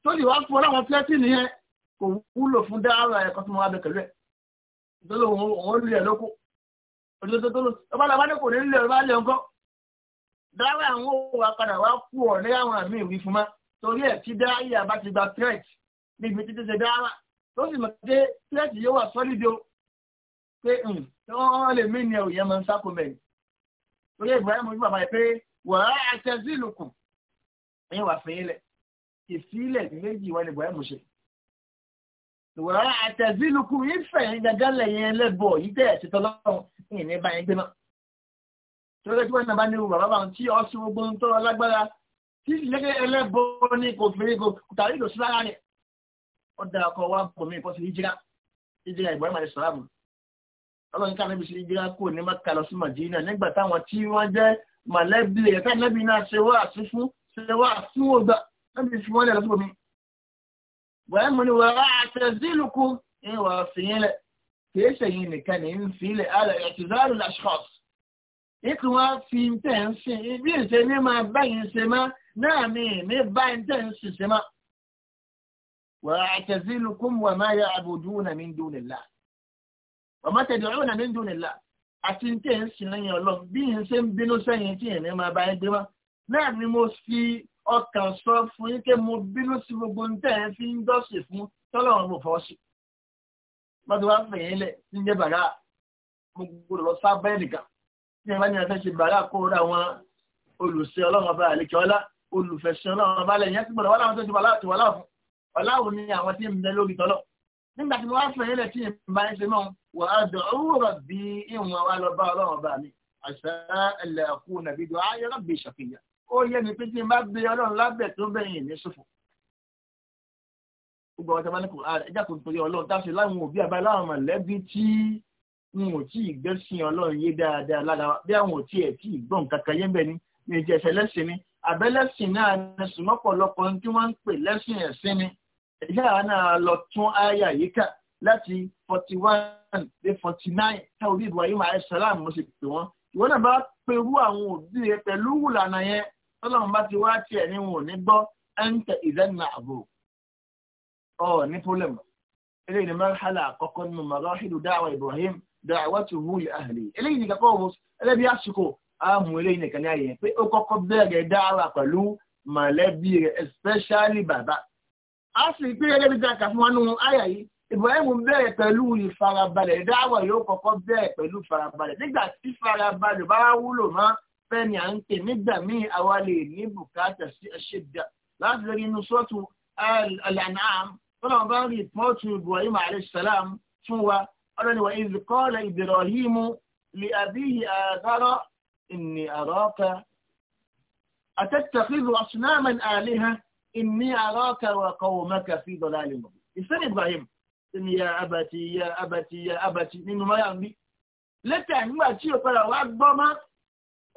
tó lè wá fún ọ láwọn fílẹ́tì nìyẹn kò wúlò fún dáhàrà ẹ̀kọ́ tó máa bẹ pẹ̀lú ẹ̀ ìdólò òun lè lóko òdodo tó lò ọba làwọn adé kò ní lè ọba lè ńkọ́ dáhàrà àwọn òwà padà wá kú ọ̀ ní àwọn àmì ìwí fún ma torí ẹ̀ tí dáhàrà bá ti gba threat níbi títí ṣe dáhàrà tó sì mọ̀ pé threat yóò wà sọ́lídìí pé hmm, wọ́n lè mí ni òyìn máa ń sáko mẹ́rin torí Ibrahim ojú bàbá yìí pé wàá àtẹ̀sí ìlùkùn ẹ̀yìn wà fún ilẹ̀ ìfilẹ̀ méjì wọn ni Ibrahim ṣe wàá àtẹ̀sí ìlùkùn ìfẹ̀ gàgà lẹ́yìn ẹlẹ́bọ̀ yìí tẹ̀ ẹ̀sìn tọ́lọ́run ìyìn ní báyìí gbé náà torí tí wọ́n náà bá ní irú bàbá báwọn tí ọ̀sìn gbogbo ń tọ́lọ lágbára tí lẹ́gẹ́ ẹlẹ́bọ̀ ni kò fi kò tàbí lò sí lára rẹ̀ ọ̀dà ọkọ̀ wa bọ̀ mí ìfọ́sí ìjìrá ìjìrá Ibrahim àti sàlámù ọlọ́run ká níbi ṣe ìjírá kò ní Mẹ́kà lọ sí Màdínà nígbà táwọn tí wọ́n jẹ́ mọ̀lẹ́bí ẹ̀ ká níbi náà ṣe wá àtúnfún ṣe wá àtúnwò gbà níbi fi wọ́n lẹ̀ lọ́sọ̀rọ̀ mi. bọ̀ẹ́ mo ní wàá àtẹ̀sílùkù ìwà fìyìnlẹ̀ kìí ṣèyìn nìkan ní ń filẹ̀ alẹ́ ẹ̀tìzárù lashkọ́s. ikú wọn fi ń tẹ̀ ń sìn bí ìṣe ní máa báyìí ń ṣe má náà mi ní báyìí ń tẹ̀ ń sìn ṣe má. wàá àtẹ̀sílùkù wà máa yà àbùdúnà min dúnillah ọmọ tẹ̀lé ọ̀rọ̀ nàmí ń dùn nílà àti ní tẹ̀ ń sìn lẹ́yìn ọlọ́ bí yẹn ṣe ń bínú sẹ́yìn tí yẹn máa bá yẹn gbé wá náà ni mo fi ọkàn sọ fún yín pé mo bínú sí gbogbo ní tẹ̀ ń fi ń dọ́sì fún tọ́lọ́run mo fọ́ sí. lọ́dọ̀ wá fẹ̀ yín lẹ̀ ń jẹ́ bàrà mo gbọdọ̀ lọ sábẹ́ nìkan tí yẹn bá ní afẹ́ ṣe bàrà kó ra àwọn olùsẹ́ ọlọ́run ọba àlekè ọlá olùfẹ̀sẹ̀ ọlọ́run ọba lẹ̀ yẹn ti gbọdọ̀ wá láwọn tó ti wà láàfún ọláwo ni nígbà tí mo wá fẹ̀yìn lẹ̀ tí n bá ń ṣe náà wà á dọ̀ ọ́wọ́ bí ìwọ̀n wa lọ bá ọlọ́run bá mi àṣà ẹlẹ́kù nàbí dùn ayé rọ̀bì ṣàfihàn ó yẹ mi pé tí n bá gbé ọlọ́run lábẹ́ tó bẹ̀yìn ní ṣòfò. gbogbo ọjọ́ bá ní kò ara ah, ẹja kò torí ọlọ́run tá a ṣe láwọn òbí àbá láwọn mọ̀lẹ́bí tí n ò tí ì gbẹ́sìn ọlọ́run yé dáadáa lára bí àwọn ò ẹ̀ tí ì yáà náà lọ tún àyà yìí kà láti forty one dé forty nine táwọn òbí Ibrahim alayhi salam mo sì pè wọ́n ìwọ náà bá perú àwọn òbí rẹ pẹ̀lú ìlànà yẹn tọ́lọ́run bá ti wá tiẹ̀ ní wọn ò ní gbọ́ ẹ̀ǹtẹ̀ ìdẹ́nà àbò ọ̀ ní pọ́lẹ̀mù eléyìí ni mẹ́rẹ́hálà àkọ́kọ́ nínú marahilu dáwà Ibrahim dáwà tó hu li ahli eléyìí ni kakọ́ ọ̀hún ẹlẹ́bí àsìkò àmú eléyìí nìkan ní ayẹyẹ pé ó kọ́kọ́ bẹ̀rẹ̀ dáwà pẹ̀lú mọ̀lẹ́bí rẹ̀ especially bàbá a sì pé gẹ́gẹ́ bí dáka fún wa nínú àyà yìí Ibrahim bẹ̀rẹ̀ pẹ̀lú ìfarabalẹ̀ dáwà yóò kọ́kọ́ bẹ̀rẹ̀ pẹ̀lú ìfarabalẹ̀ nígbà tí ìfarabalẹ̀ bá wúlò mọ́ fẹ́ni à ń pè nígbà míì àwa lè ní bùkátà sí ẹ̀ṣẹ̀dá láti lórí inú sọ́ọ̀tù al-An'am tọ́lá wọn bá ń rí pọ́ọ̀tù Ibrahim alayhi fún wa ọlọ́ni wa idh qala Ibrahim li abihi Azara inni araka atattakhidhu asnaman aliha إني أراك وقومك في ضلال مبين ìsẹ́ni Ibrahim ní ya abàtì ya abàtì ya abàtì nínú mọ́yà ń bí lẹ́tà nígbà tí ó padà wá gbọ́ mọ́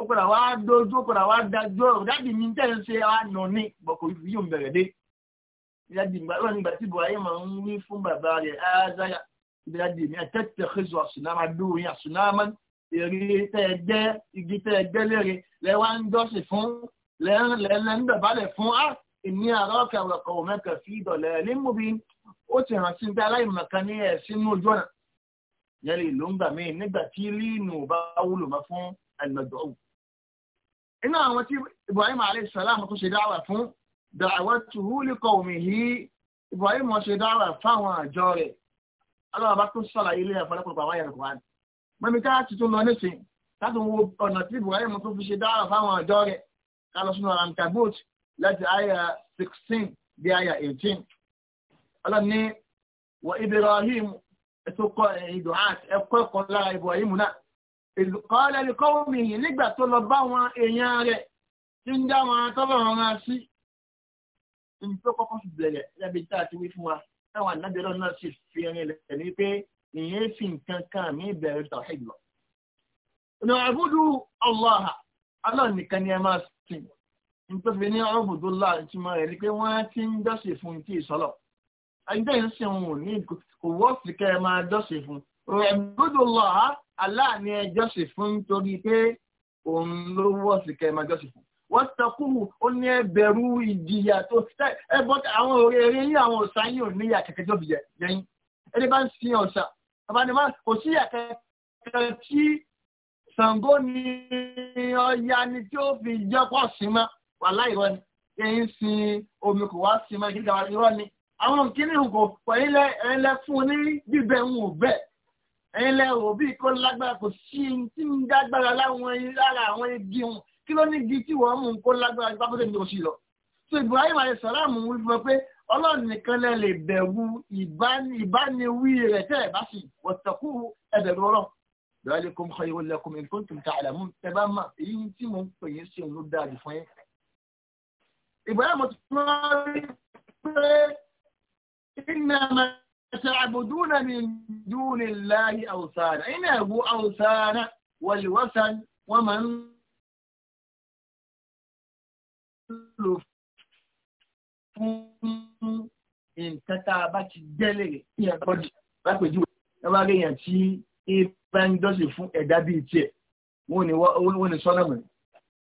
ó padà wá dojú ó padà wá dájú ọ̀rọ̀ dábì mi tẹ́ ń ṣe wá nù ní bọ̀kọ̀ ìfi yóò bẹ̀rẹ̀ dé dábì ìgbàlọ́ nígbà tí Ibrahim ń wí fún bàbá rẹ̀ Azara dábì mi àtẹ́tẹ́ xeṣọ́ àṣùnámà dóorin àṣùnámà èrè tẹ́ ẹ jẹ́ igi tẹ́ ẹ jẹ́ lére lẹ́wà ń jọ́sìn fún lẹ́ńdọ̀bálẹ̀ fún á ah, ìní àrọ́ọ̀kẹ́ ọ̀rọ̀kọ̀ mẹ́kẹ́ fi ìdọ̀lẹ́ ẹ̀ nímú bí ó ti hàn sí bí aláìmọ̀kan ní ẹ̀ sínú ojú ọ̀nà yẹn lè ló ń gbà mí nígbà tí líìnù bá wúlò mọ́ fún ẹ̀nàdọ̀ ọ̀hún. iná àwọn tí Ibrahim alayhi salam kò ṣe dáwà fún da'watuhu li qawmihi Ibrahim ṣe dáwà fáwọn àjọ rẹ̀ alábàbá tó sọ̀rọ̀ ilé ẹ̀fọ́ lọ́pọ̀lọpọ̀ àwọn ẹ̀rọ wa mẹ́mi ká ti tún lọ nísìn láti wo ọ̀nà tí Ibrahim tó fi ṣe dáwà fáwọn àjọ rẹ̀ ká lọ sínú àràǹkà bóòtù láti àyà 16 bí àyà 18 ọlọ́run ní Ibrahim ẹ̀tọ́kọ ìdò àti ẹ̀kọ́ ẹ̀kọ́ lára Ibrahim náà ìkọ́lẹ̀ ìkọ́ omi yìí nígbà a ti wí fún wa táwọn ànábẹ́ náà sì fi ẹrin ilẹ̀ ní pé ìyẹn fi nǹkan kan bẹ̀rẹ̀ lọ. ọ̀nà àbúdú ni ẹ nítorí ní ọ̀rọ̀bùdólà ìtumọ̀ rẹ̀ ni pé wọ́n ti ń dọ́sẹ̀ fún ti ìsọ́lọ̀ ẹgbẹ́ ń sìn òun ní kò wọ́ọ̀sì kẹ́ ẹ máa dọ́sẹ̀ fún rẹ̀ gbọ́dọ̀ lọ á aláàní ẹ jọ́sẹ̀ fún torí pé òun ló wọ́ọ̀sì kẹ́ ẹ máa dọ́sẹ̀ fún wọ́n takú ó ní ẹ bẹ̀rù ìjìyà tó tẹ́ ẹ bọ́ àwọn òré eré yín àwọn ọ̀sà yín ò níyà kẹ̀kẹ́ tó bìyẹ lẹ́yìn ẹni bá ń sin wàhálà ìrọ́ ni ẹ̀yìn sí omi kò wá sí ọmọ ìgbà ìrọ́ ni àwọn kìíní nǹkan pẹ̀yìn lẹ ẹ̀yìn lẹ fún ní bíbẹ̀ ń wò bẹ́ẹ̀ ẹ̀yìn lẹ rò bí kò lágbára kò sí tí ń dágbára láwọn lára àwọn igi wọn kí ló ní igi tí wọ́n mú kó lágbára nípa kó tẹ̀lé òsì lọ. so Ibrahim alayhi salam ń wí fún pé Ọlọ́run nìkan lẹ lè bẹ̀rù ìbániwí rẹ̀ tẹ́ ẹ̀ bá sì wọ̀tẹ̀kù ẹ̀bẹ̀rù Ọlọ́run dalikum khayrun lakum in kuntum ń pè Ibrahim ti fún rí pé iná mẹ́ta àbùdúnà ní dúnì láyé àwùsára. Iná ẹ̀bù àwùsára wàlúwàsán wọ́n máa ń lò fún nǹkan tá a bá ti délé ní ẹ̀bọ́dì lápèjú ẹ̀bá rí tí ìbá ń dọ́sì fún ẹ̀dá bíi tiẹ̀ wọ́n ní sọ́nà mọ̀.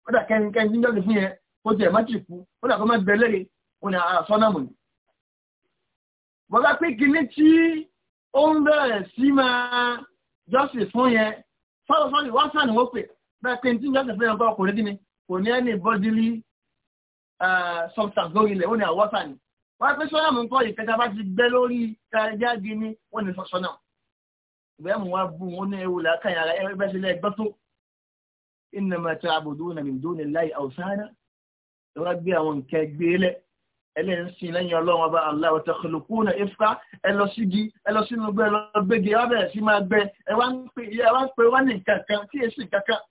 Wọ́n dà kẹ́ni kẹ́ni ń dọ́sì fún yẹn kó jẹ má ti kú ó dàgbọ́ má gbẹlẹ́ yìí ó ní ara ah, ah, sọ́nà pé kinní tí ó ń bẹ̀rẹ̀ sí máa jọ́sìn fún yẹn sọ́dọ̀ wá sàn wọ́n pè bẹ́ẹ̀ pé tí jọ́sìn fún yẹn bá ọkùnrin gíní kò ní ẹni bodily ah, substance ilẹ̀ ó ní àwọ̀ sàn ní. wọ́n á pé sọ́nà mú kọ́ ìkẹta bá ti gbẹ lórí kájá gíní ó ní sọ́nà. ìbẹ̀rẹ̀ mú wá ẹ wá gbé àwọn nǹkan ẹgbẹ́ lẹ̀ ẹlẹ́sìn lẹ́yìn ọlọ́run ọba Allah wa takhluquna ifka ẹ lọ sígi ẹ lọ sínú gbẹ lọ gbégi ẹ wá bẹ̀rẹ̀ sí máa gbẹ ẹ wá ń pe wá ní kankan kí èsì kankan.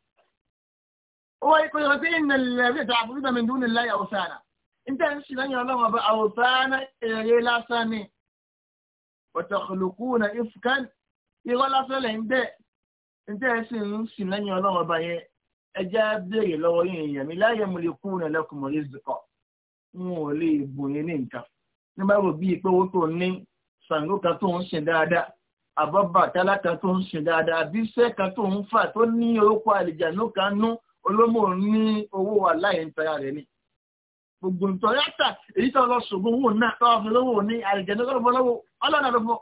ó wáyé pé wọ́n ti ń nà lẹ́rìí ta àfúrúdà mi dúró nílá yà níta ń sìn lẹ́yìn ọlọ́run ọba ọ̀sánà èrè lásán ni wa takhluquna ifkan irọ́ lásán lẹ́yìn bẹ́ẹ̀ ẹjẹ́ béèrè lọ́wọ́ yín èèyàn mi láyé mo lè kú ní ẹlẹ́kùnmọ́ ìzùkọ̀ n ò lè bùn yín ní nǹkan nígbà wo bíi pé owó tó ní Ṣàngó kan tó ń ṣe dáadáa àbọ̀bà tálá kan tó ń ṣe dáadáa bíṣẹ́ kan tó ń fà tó ní orúkọ àlìjànú kan nú olómò ní owó aláìntara rẹ̀ ni gbogbo nǹkan yàtà èyí tó lọ ṣògùn wò náà tó ọ̀fun lówó ní àlìjànú tó lọ́wọ́ àdófò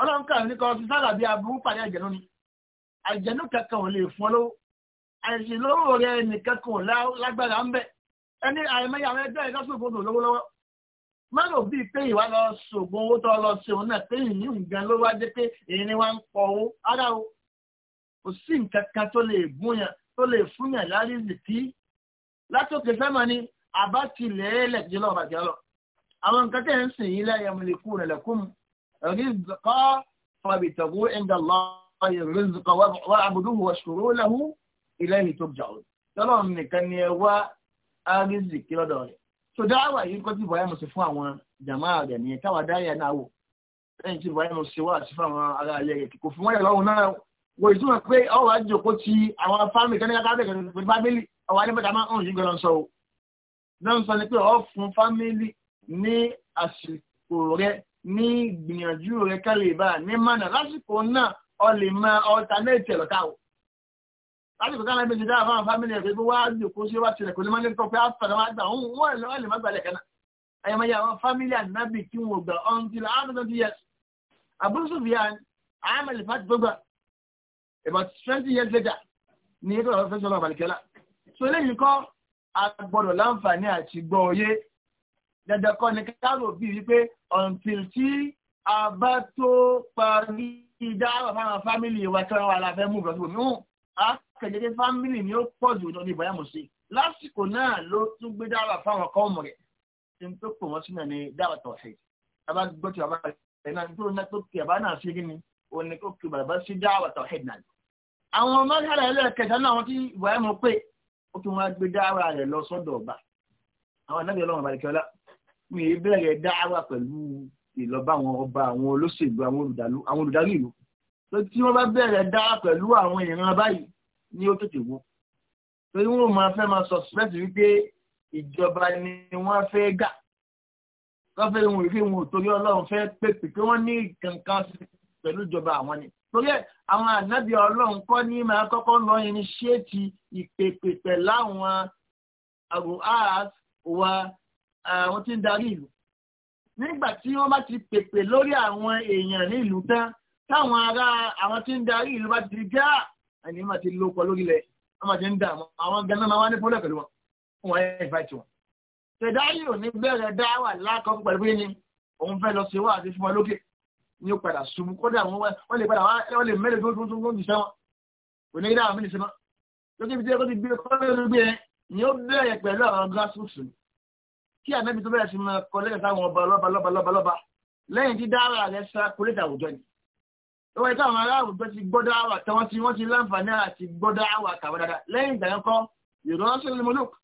ọlọ́run kàwé ní kọ́ fi sálà aburú pàdé àlìjànú ni àlìjànú kankan ò lè fún ọ lọ́wọ́ àìsí lówó rẹ nìkan kò lágbára ń bẹ ẹni àìmọye àwọn ẹgbẹ́ ẹ̀ka sóògùn odò lọ́wọ́lọ́wọ́ má lò bíi pé ìwà lọ sògùn owó tó lọ sí òun náà pé ìní nǹkan ló wá dé pé èyí ni wá ń pọ owó ara o kò sí nǹkan kan tó lè gúnyàn tó lè fúnyàn lárí zìkí látòkè sẹ́mọ̀ ni àbá ti lẹ́ẹ̀lẹ̀ jẹ́ lọ́wọ́ bàjẹ́ lọ àwọn nǹkan tẹ̀ ń sìn yín lẹ́yìn ọmọlẹ́kù rẹ̀ lẹ́kùn rizqa fọbìtàgó ẹ̀ńdà lọ́ọ́ rizqa wàbùdúhù wàṣùrù lẹ́hùn ilayhi turja'un lọ́lọ́run nìkan ni ẹ wá arizikì lọ́dọ̀ rẹ̀ tó dáwà yìí kọ́ tí bọ̀yá mo ṣe fún àwọn jàmá rẹ̀ nìyẹn káwà dáyà náà wò lẹ́yìn tí bọ̀yá mo ṣe wá sí fún àwọn ará ilé rẹ̀ kò fún wọ́n lọ́wọ́ náà wò ìtumọ̀ pé ọ wà á jòkó ti àwọn fámìlì kan ní ká ni pé ọ fún fámìlì ní àsìkò rẹ̀ gbìyànjú rẹ̀ kálí ní mánà lásìkò náà ọ lè máa ọ̀tà náà tẹ̀lọ́ta o láti kò káàlá méjì dáa fáwọn fámílì ẹ̀fẹ́ bí wàá jòkó sí wàá tilẹ̀ kò ní máa lè tọ́ pé máa gbà òun wọ́n lè má gbalẹ̀ kan náà ayọ̀mọ̀yà àwọn fámílì ànábì tí wọ́n gbà ọ̀n ti la hundred twenty years Abu Sufyan àmàlì fàtí tó gbà about twenty years later ní ètò àwọn fẹsẹ̀ ọlọ́ọ̀bà nìkẹ́lá so eléyìí kọ́ agbọ́dọ̀ láǹfààní àti gbọ́ òye dandan kọ́ ni káàrò bí wípé until tí a bá tó parí dáhùn fáwọn fámílì wa tí kẹ̀dẹ̀dẹ̀ fámìlì ni ó pọ̀ jù ní ìbáyà mọ̀ sí lásìkò náà ló tún gbé dára fáwọn ọkọ ọmọ rẹ̀ tí n tó pò wọ́n sínú ní dára tọ̀ ṣe bàbá gbọ́ tí bàbá rẹ̀ náà tó náà tó kí bàbá náà ṣe kí ni òun ni kó kí bàbá sí dára tọ̀ ṣe náà. àwọn ọmọ ìhàlẹ̀ ẹlẹ́ẹ̀kẹta náà wọ́n ti ìbáyà mọ̀ pé ó tún wá gbé dára rẹ̀ lọ sọ́dọ̀ ọba àwọn anábìyàn ọlọ́run àbàlẹ̀kẹ́ọ́lá tí wọ́n bá bẹ̀rẹ̀ dára pẹ̀lú àwọn ìran báyìí ní ó tètè wó torí wọn máa fẹ́ máa suspect wípé ìjọba ni wọ́n fẹ́ gà lọ́fẹ́ ìwọ̀n ìfẹ́ ìwọ̀n torí ọlọ́run fẹ́ pèpè kí wọ́n ní kankan pẹ̀lú ìjọba àwọn ni torí ẹ̀ àwọn ànábì ọlọ́run kọ́ ní máa kọ́kọ́ lọ initiate ìpèpè pẹ̀lú àwọn àrùhàs wa àwọn tí ń darí ìlú nígbà tí wọ́n bá ti pèpè lórí àwọn èèyàn ní ìlú tán táwọn ará àwọn tí ń darí ìlú bá ti gá àní má ti lóko lórí ilẹ̀ wọ́n máa ti ń dààmú àwọn gan náà máa wá ní pọ́lẹ̀ pẹ̀lú wọn fún wọn ẹ̀ invite wọn. tẹ̀dáyì ò ní bẹ̀rẹ̀ dá wà lákọ̀ọ́kọ́ pẹ̀lú yín ni òun fẹ́ lọ sí wá àti fún wọn lókè ní ó padà ṣubú kódà wọ́n lè padà wọ́n lè mẹ́lẹ̀ tó tó tó tó ṣiṣẹ́ wọn kò ní dáhùn mí nìṣẹ́ mọ́. lókè ibi tí ẹ̀kọ́ ti gbé kọ́lẹ́ gbé ni ó bẹ̀rẹ̀ pẹ̀lú àwọn grassroots kí ànábi tó bẹ̀rẹ̀ sí máa kọ́ tó wáyé táwọn aráàlú tó ti gbọ́dọ̀ àwà tí wọ́n ti wọ́n ti láǹfààní àti gbọ́dọ̀ àwà kàwé dáadáa lẹ́yìn ìgbà yẹn kọ́ yorùbá wọn sọ̀rọ̀ lẹ́mọ̀ lóòkù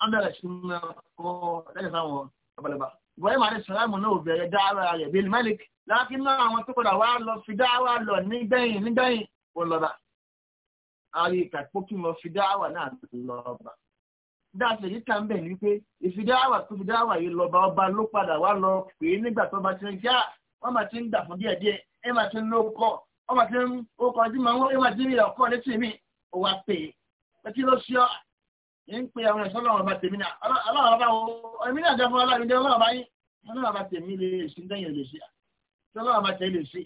wọ́n bẹ̀rẹ̀ sí ní ọkọ̀ lẹ́yìn sáwọn ọ̀bàlẹ̀bà ibrahim alẹ́ sàlámù náà bẹ̀rẹ̀ dáhàwá rẹ̀ bíi malik láti ná àwọn tó padà wá lọ fi dáhàwá lọ nígbẹ̀yìn nígbẹ̀yìn wọn lọ́ba ààrẹ ìkàpókì lọ fi dáhàwá náà lọ́ba dáàtì èyí kan bẹ̀ ni pé ìfidáhàwá tó fi dáhàwá yìí lọ́ba ọba ló padà wá lọ pè é nígbà tó bá ti ń já wọ́n máa ti ń dà fún díẹ̀díẹ̀ ẹ máa ti ń lo ọkọ̀ wọ́n máa ti ń ọkọ̀ tí màá ń wọ́n ẹ máa ti ń rí ọkọ̀ létí mi ò wá pè é pé ló ṣe ọ́ ẹ̀ ń pe àwọn ẹ̀ṣọ́ lọ́wọ́ bá tèmi náà ọlọ́wọ́ bá wo èmi náà jáfọ́ ọlọ́wọ́ ìdí ọlọ́wọ́ bá yín ọlọ́wọ́ bá tèmi lè ṣe dẹ́yìn lè ṣe ọlọ́wọ́ bá tèmi lè ṣe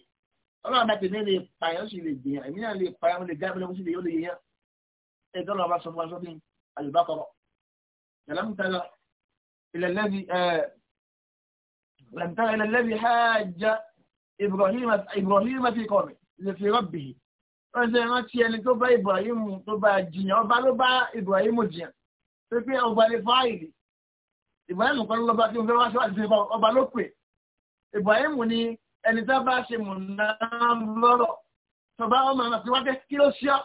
ọlọ́wọ́ bá tèmi lè payọ́ sì lè gbìyàn èmi náà lè payọ́ mo lè gá abẹ́lẹ́ mo sì lè yọ lè yẹyẹ ẹ̀dọ́ lọ́wọ́ bá sọ fún wa sọ́kìn àyùbá kọ̀rọ̀ yàrá mi ta lọ لم تر إلى الذي حاج إبراهيم إبراهيم في قومه في ربه ọ̀sẹ̀ rántí ẹni tó bá Ibrahim tó bá jiyàn ọba ló bá Ibrahim jiyàn tó pé ọba lè fáìlì Ibrahim kan ló bá tí mo fẹ́ wá síwájú sí ọba ló pè Ibrahim ni ẹni tó bá ṣe mọ̀nà lọ́rọ̀ tọba ọmọ ọmọ síwájú kí ló ṣíọ́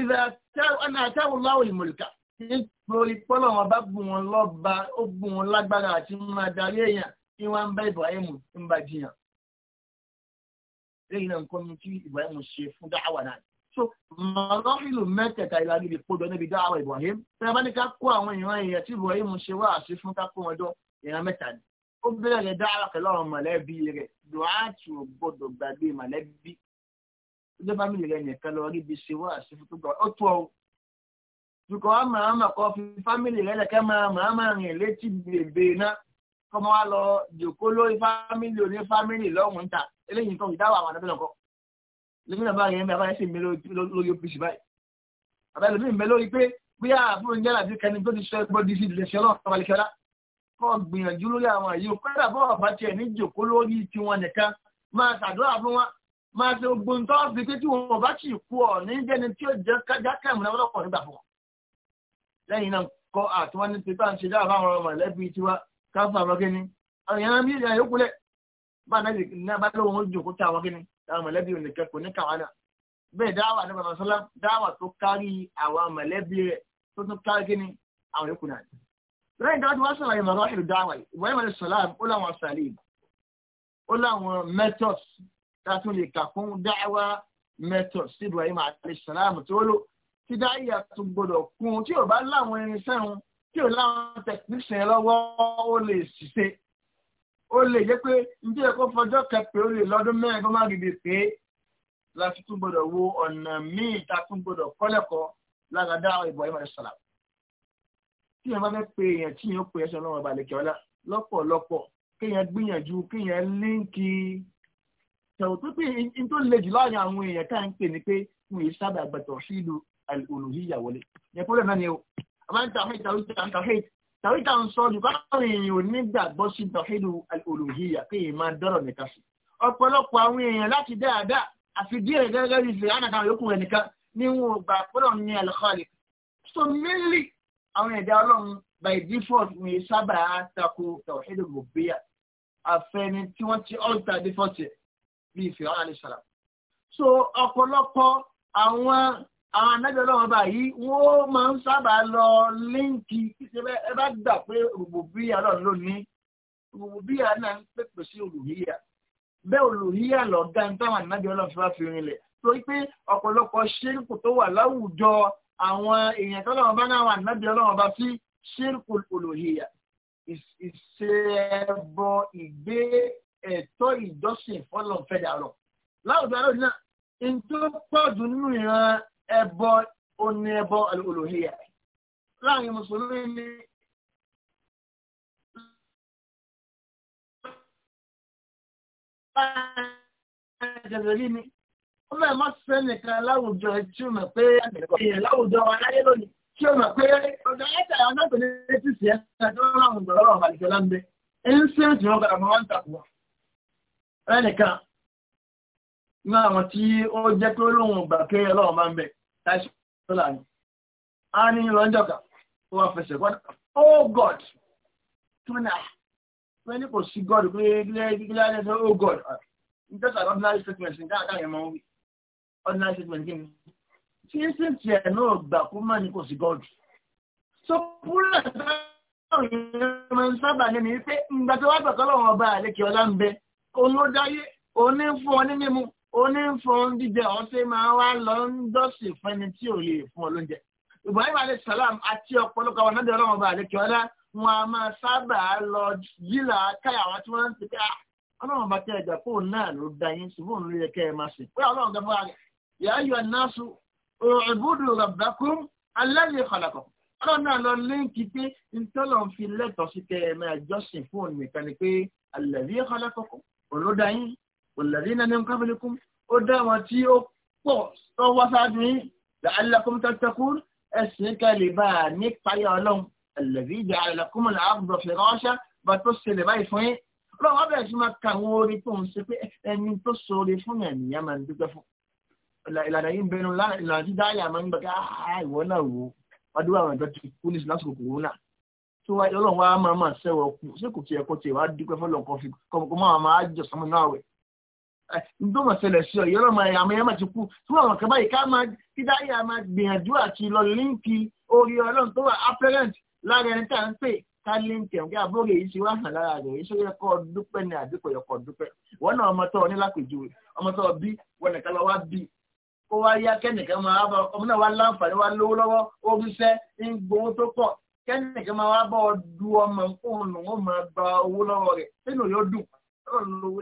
ìzà àtẹ́wò láwò ìmọ̀lùkà kí n lórí pọ́lọ̀ wọn bá bù wọn lọ́ba ó bù wọn lágbára àti máa darí èèyàn tí wọ́n ń bá Ibrahim ń bá jiyàn. lẹ́yìn náà nǹkan tí Ibrahim ṣe fún dáhàwá náà. so mọ̀lọ́fìlù mẹ́tẹ̀ẹ̀ta ìlàrí lè kójọ níbi dáhàwá Ibrahim. tẹ́lẹ̀ bá ní ká kó àwọn ìran èèyàn tí Ibrahim ṣe wá àṣẹ fún ká kó wọn dọ́ ìran mẹ́ta ni. ó bẹ̀rẹ̀ dáhàwá pẹ̀lú àwọn mọ̀lẹ́bí rẹ̀ dùhàtù gbọ́dọ̀ gbàgbé mọ̀lẹ́bí. ó dé bá mi rẹ̀ nìkan lọ rí bí ṣe wá àṣẹ fún tó gbà tukọ̀ wa máa ma kọ́ fi fámìlì rẹ̀ lẹ́kẹ́ máa máa máa rìn létí bèbè náà kọ́ máa lọ jòkó lórí fámìlì òní fámìlì lọ́hùn ń ta eléyìí kan ìdáwọ̀ àwọn àdàbẹ̀ lọ́kọ́ lèmi náà bá rẹ̀ ń bẹ abáyé sì mi lórí OPC báyìí àbẹ̀ lèmi ń bẹ lórí pé bí àbúrò ń jẹ́lá bí kẹni tó ti sọ ẹgbẹ́ di sí ìdílẹ̀ṣẹ́ lọ́wọ́ kọ́ gbìyànjú lórí àwọn èyí kọ́dà bọ́ ọ̀bá tiẹ̀ ní jòkó lórí tiwọn nìkan máa ṣàdúrà fún wọn máa ṣe gbóntọ́ fi pé tí wọn ò bá sì kú ọ̀ ní jẹ́ni tí ó jẹ́ kájákàmù náà lọ́pọ̀ nígbà fún wọn lẹ́yìn náà kọ́ àtiwọ́n ní pípa ń ṣe dáàbà àwọn ọmọ ẹ̀lẹ́bí tiwa káfà àwọn kíni àwọn èèyàn bí ìyá yòókù lẹ̀ bá náà náà bá lóun ó jòkó tí àwọn kíni àwọn mọ̀lẹ́bí ò nìkan kò ní kàwádà bẹ́ẹ̀ dáwà ní bàbá sọ́lá dáwà tó kárí àwọn mọ̀lẹ́bí rẹ̀ tó tún kárí kíni àwọn yòókù náà. lẹ́yìn dáwà tí wọ́n sọ̀rọ̀ ìmọ̀ràn ìlú dáwà yìí ìwọ́n ìmọ̀ràn sọ̀lá ó láwọn sàlẹ̀ ó láwọn methods tá a tún lè kà fún dáwà methods sí Ibrahim alayhi Salaam. tó lò tí dáìyà tó gbọdọ̀ kún tí ò bá láwọn irinṣẹ́ wọn tí ò láwọn tẹkiníṣẹ́ lọ́wọ́ ó lè ṣiṣẹ́ ó lè jẹ́ pé njẹ́ ẹ̀kọ́ fọjọ́ kẹpẹ́ ó lè lọ́dún mẹ́rin kó má dìde pé láti tún gbọdọ̀ wo ọ̀nà míì ta tún gbọdọ̀ kọ́lẹ̀kọ́ lágàdá ìbọ̀ ẹ̀mọ̀ ẹ̀ sọ̀rọ̀ tí yẹn bá fẹ́ pe èèyàn tí yẹn ó pe ẹsẹ̀ ọlọ́run balẹ̀ kíọ́lá lọ́pọ̀lọpọ̀ kéèyàn gbìyànjú kéèyàn líǹkì tẹ̀wọ̀ tó pé n tó le jù láàrin àwọn èèyàn ká ń pè ní pé wọn yìí sábà gbẹ̀tọ̀ sílùú al-uluhiyya wọlé yẹ problem náà ni o àbá ń tàwé tàwé tàwé tàwé tàwé tàwé sọ ju báwọn èèyàn ò ní gbàgbọ́ sí tàwédu al-uluhiyya pé èèyàn máa dọ́rọ̀ nìkan sí ọ̀pọ̀lọpọ̀ àwọn èèyàn láti dáadáa àfi díẹ̀ gẹ́gẹ́ bí ìfẹ́ ànàkà yòókù rẹ̀ nìkan ní wọn ò gbà pọ́dọ̀ ní al so mainly àwọn ẹ̀dá ọlọ́run by default ní sábà àtakò tàwédu rububiyya àfẹni tí wọ́n ti ọ̀tà default yẹ bí ìfẹ́ ànàkà so ọ̀pọ̀lọpọ̀ àwọn àwọn anájọ́ ọlọ́run bá yìí wọ́n máa ń sábà lọ líǹkì ṣe ẹ bá gbà pé rùbùbíyà lọ lónìí rùbùbíyà náà ń pèpè sí olùhíyà bẹ́ẹ̀ olùhíyà lọ̀gá ń táwọn anájọ́ ọlọ́run fi wá fi rinlẹ̀ torí pé ọ̀pọ̀lọpọ̀ ṣírkù tó wà láwùjọ àwọn èèyàn tó lọ́wọ́ bá náwọn anájọ́ ọlọ́run bá sí ṣírkù olùhíyà ìṣe ẹbọ ìgbé ẹ̀tọ́ ìjọsìn fọlọ́nfẹ́dà rọ̀ láwùjọ ebo onye ní ẹbọ ya. uluhiyya láàrin mùsùlùmí ni jẹ̀rẹ̀rí ni ó bẹ̀ má ṣe nìkan láwùjọ tí ó mọ̀ pé èèyàn láwùjọ wa láyé lónìí na ó mọ̀ pé ọ̀gá na àwọn náà kò ní létí sí ẹ̀ tó ń láwùn gbọ̀rọ̀ ọ̀rọ̀ àbàlìkẹ́ láńbẹ́ láìsí ọ̀la ni a kan ó wá fẹsẹ̀ gbọ́dọ̀ oh god tí wọ́n ní à wọ́n kò sí god pé gílẹ̀ oh god just an ordinary statement ní káàkiri ẹ̀mọ́ wí ordinary statement kí ni tí ń sìn tiẹ̀ náà gbà kó má ní kò sí god so púlọ̀ táwọn èèyàn máa ń sábà ní ni pé ìgbà tó wá pẹ̀kọ́ lọ́wọ́ ọba àlékè ọlá ń bẹ olódáyé onífún jíjẹ ọtí máa wá lọ ń dọ́sì fẹni tí ò lè fún ọ lóúnjẹ. Ibrahim alayhi salam àti ọ̀pọ̀lọpọ̀ àwọn ọ̀nàdẹ̀ ọlọ́run ọba àdékè ọlá wọn a máa sábà lọ yílà káyà wá tí wọ́n ń ti ká ah, ọlọ́run ọba tẹ ẹ̀jẹ̀ fóun náà ló da yín sí fóun ló kẹ́ ẹ máa sìn. Pé ọlọ́run gbẹ fúnra rẹ̀ yà á yọ náṣu u'budu rabbakum alladhi khalaqakum. Ọlọ́run náà lọ líǹkì pé ntọ́lọ̀ fi lẹ́tọ̀ọ́ ni pé alladhi khalaqakum òun ló wọ̀lẹ̀dínà ní kábílíkùn ó dáwọn tí ó pọ̀ tó wá sáájú yín la'allakum tattaqun ẹ̀sìn kẹ́lẹ̀ bá a ní payọ̀ ọlọ́run ẹ̀lẹ́dí ìjà àlẹ́kùnmọ̀ làbùrọ̀ fìránṣẹ́ bá tó ṣẹlẹ̀ báyìí fún yín ọlọ́run wọ́n bẹ̀rẹ̀ sí máa ka àwọn orin tó ń ṣe pé ẹni tó ṣoore fún ẹ̀nìyàn máa ń dúpẹ́ fún ìlànà yìí ń bẹnu ìlànà tí dáyà máa ń gbàgbé ìwọ náà wò ọdún àwọn ìjọ ti kú ní lásìkò kòrónà tó wáyé ọlọ́run wá máa máa ṣẹ́wọ̀ kù sí kò tiẹ̀ kó tiẹ̀ wá dúpẹ́ fọlọ́n kọ́ máa máa jọ sọmọ náà wẹ̀ tó mọ̀ ṣẹlẹ̀ sí ọ̀yọ́ lọ́mọ ẹ̀yà àmọ́ ẹ̀yà máa ti kú fún àwọn kan báyìí ká máa dídá yà máa gbìyànjú àti lọ líǹkì orí ọlọ́run tó wà apparent lára ẹni tá à ń pè ká líǹkì ọ̀hún àbúrò yìí ṣe wá hàn lára rẹ̀ èyí ṣe kọ́ dúpẹ́ ní kọ́ dúpẹ́ náà ọmọ tó ní lápèjúwe ọmọ tó bí wọn nìkan lọ wá bí kó wá yá kẹ́nìkan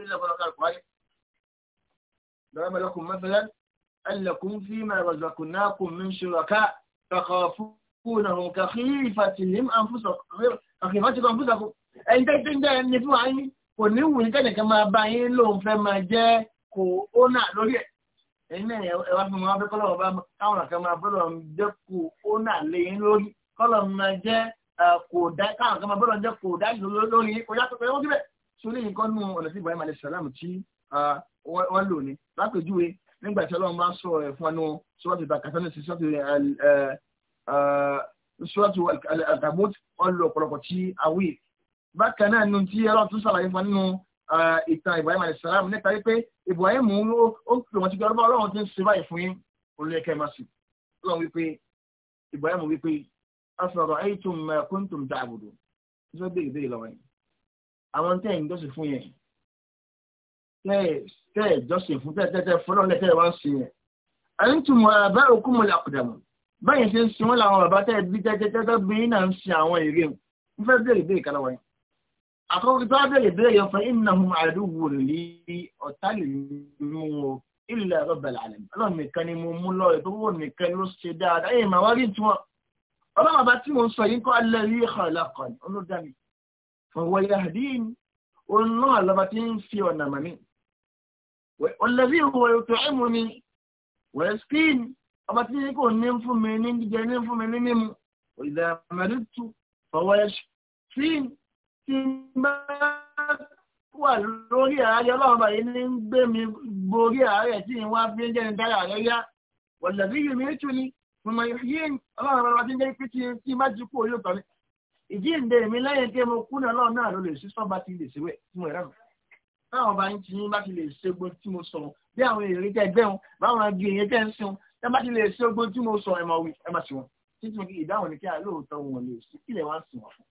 wá ضرب لكم مثلا أن لكم فيما رزقناكم من شركاء تخافونهم كخيفتهم أنفسكم كخيفتكم أنفسكم ẹni tẹ́tí ń dẹ́rẹ́ ní fún àyín kò ní wù ní kẹ́nìkan máa bá yín lóun fẹ́ máa jẹ́ kò ónà lórí ẹ̀ ẹ̀yin náà ẹ̀wá fún wọn fẹ́ kọ́lọ̀ ọba káwọn kan máa bọ́lọ̀ ń jẹ́ kò ónà lé yín lórí kọ́lọ̀ máa jẹ́ kò dá káwọn kan máa bọ́lọ̀ ń jẹ́ kò dá lórí kò yàtọ̀ pé wọ́n síbẹ̀ sórí nǹkan nù ọ̀nà tí Ibrahim alayhi salam ti wọ́n lò ní lápèjúwe nígbà tí ọlọ́run bá sọ ẹ̀ fún ẹnu sọ́ọ̀tì bàkàtánì sí sọ́ọ̀tì sọ́ọ̀tì àtàbót ọlọ ọ̀pọ̀lọpọ̀ tí a wí. bákan náà nínú tí ọlọ́run tún ṣàlàyé fún nínú ìtàn Ibrahim alayisalaam nípa wípé Ibrahim ó pè wọ́n ti gbé ọlọ́run tí ń ṣe báyìí fún yín olùyẹ̀kẹ́ máa sì ọlọ́run wípé Ibrahim wípé asọ̀rọ̀ aytum ma kuntum ta'budun tí wọ́n béèrè béèrè lọ́wọ́ yìí àwọn tẹ́yìn dọ́sì fún yẹn tẹ́ ẹ̀ jọ́sìn fún tẹ́tẹ́tẹ́ fọlọ́lẹ̀ tẹ́ ẹ̀ wá sí yẹn. ẹ̀yìn tún mọ àbá òkú mọ̀ làkùdàmù báyìí ṣe ń sin wọn làwọn bàbá tẹ́ ẹ bí tẹ́tẹ́tẹ́ bí iná ń sin àwọn èrè ń fẹ́ bèrè bèrè kálá wáyé. àkọ́kọ́ tó bèrè bèrè yẹn fún iná hum àdúgbò rẹ̀ lé ọ̀tá lè mú o ilẹ̀ ẹ̀rọ bẹ̀rẹ̀ àlẹ́ ọlọ́run nìkan ni mo mú lọ́ọ̀rẹ́ tó nìkan ló ṣe dáadáa ẹ̀yìn ọ̀lẹ́bí ìwọ̀ ètò ẹ̀mù ni wẹ̀skín ọba tí kò ní fún mi ní jíjẹ ní fún mi ní mímu ìdá mẹ́rìtù fọwọ́ṣín tí bá wà lórí ààrẹ ọlọ́run báyìí ní ń gbé mi borí ààrẹ tí wọ́n á fi ń jẹ́ni dára rẹ̀ yá ọ̀lẹ́bí yìí mi tún ni mo mọ ọlọ́run bá ti ń jẹ́ pé tí bá ti kú orí òkàlẹ̀ ìdí ìdè mi lẹ́yìn pé mo kú náà lọ́run náà ló lè sí sọ́ba tí mo táwọn bá ń tiyín bá ti lè ṣe gbogbo tí mo sọ̀rọ̀ bí àwọn èrè tẹ́ gbẹ́ wọn báwọn agi èyàn tẹ́ ń sun tẹ́ bá ti lè ṣe gbogbo tí mo sọ ẹ máa wí ẹ máa ṣe wọn títí mo kí ìdáhùn ní kí á lóòótọ́ wọn lè ṣe kílẹ̀ wá sùn wọn fún.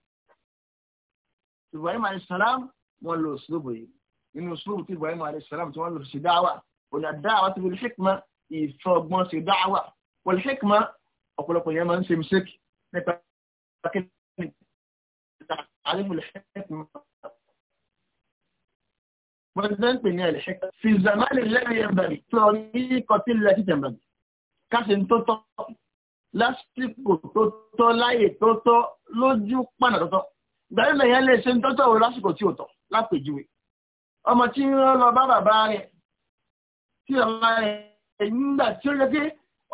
Ibrahim alayisalaam wọn lo òṣùlùbù yìí nínú òṣùlùbù tí Ibrahim alayisalaam tí wọn lò ṣe dáwà ònà dáwà ti wọlé hikma ìfọgbọ́n ṣe dáwà hikma wọ́n pè ní ẹ̀lẹ́ṣẹ́kẹ́ fi zamani lẹ́rìn ẹ̀bẹ̀rẹ̀ tó ọ ní kọtí lẹ́sí tẹ̀mẹ̀rẹ̀ káṣí tó tọ́ lásìkò tó tọ́ láyè tó tọ́ lójú pàdà tó tọ́ gbàdúrà yẹn lè ṣe ń tọ́tọ̀ wọ lásìkò tí ò tọ́ lápèjúwe ọmọ tí ń lọ bá bàbá rẹ̀ tí ọmọ rẹ̀ nígbà tí ó yẹ pé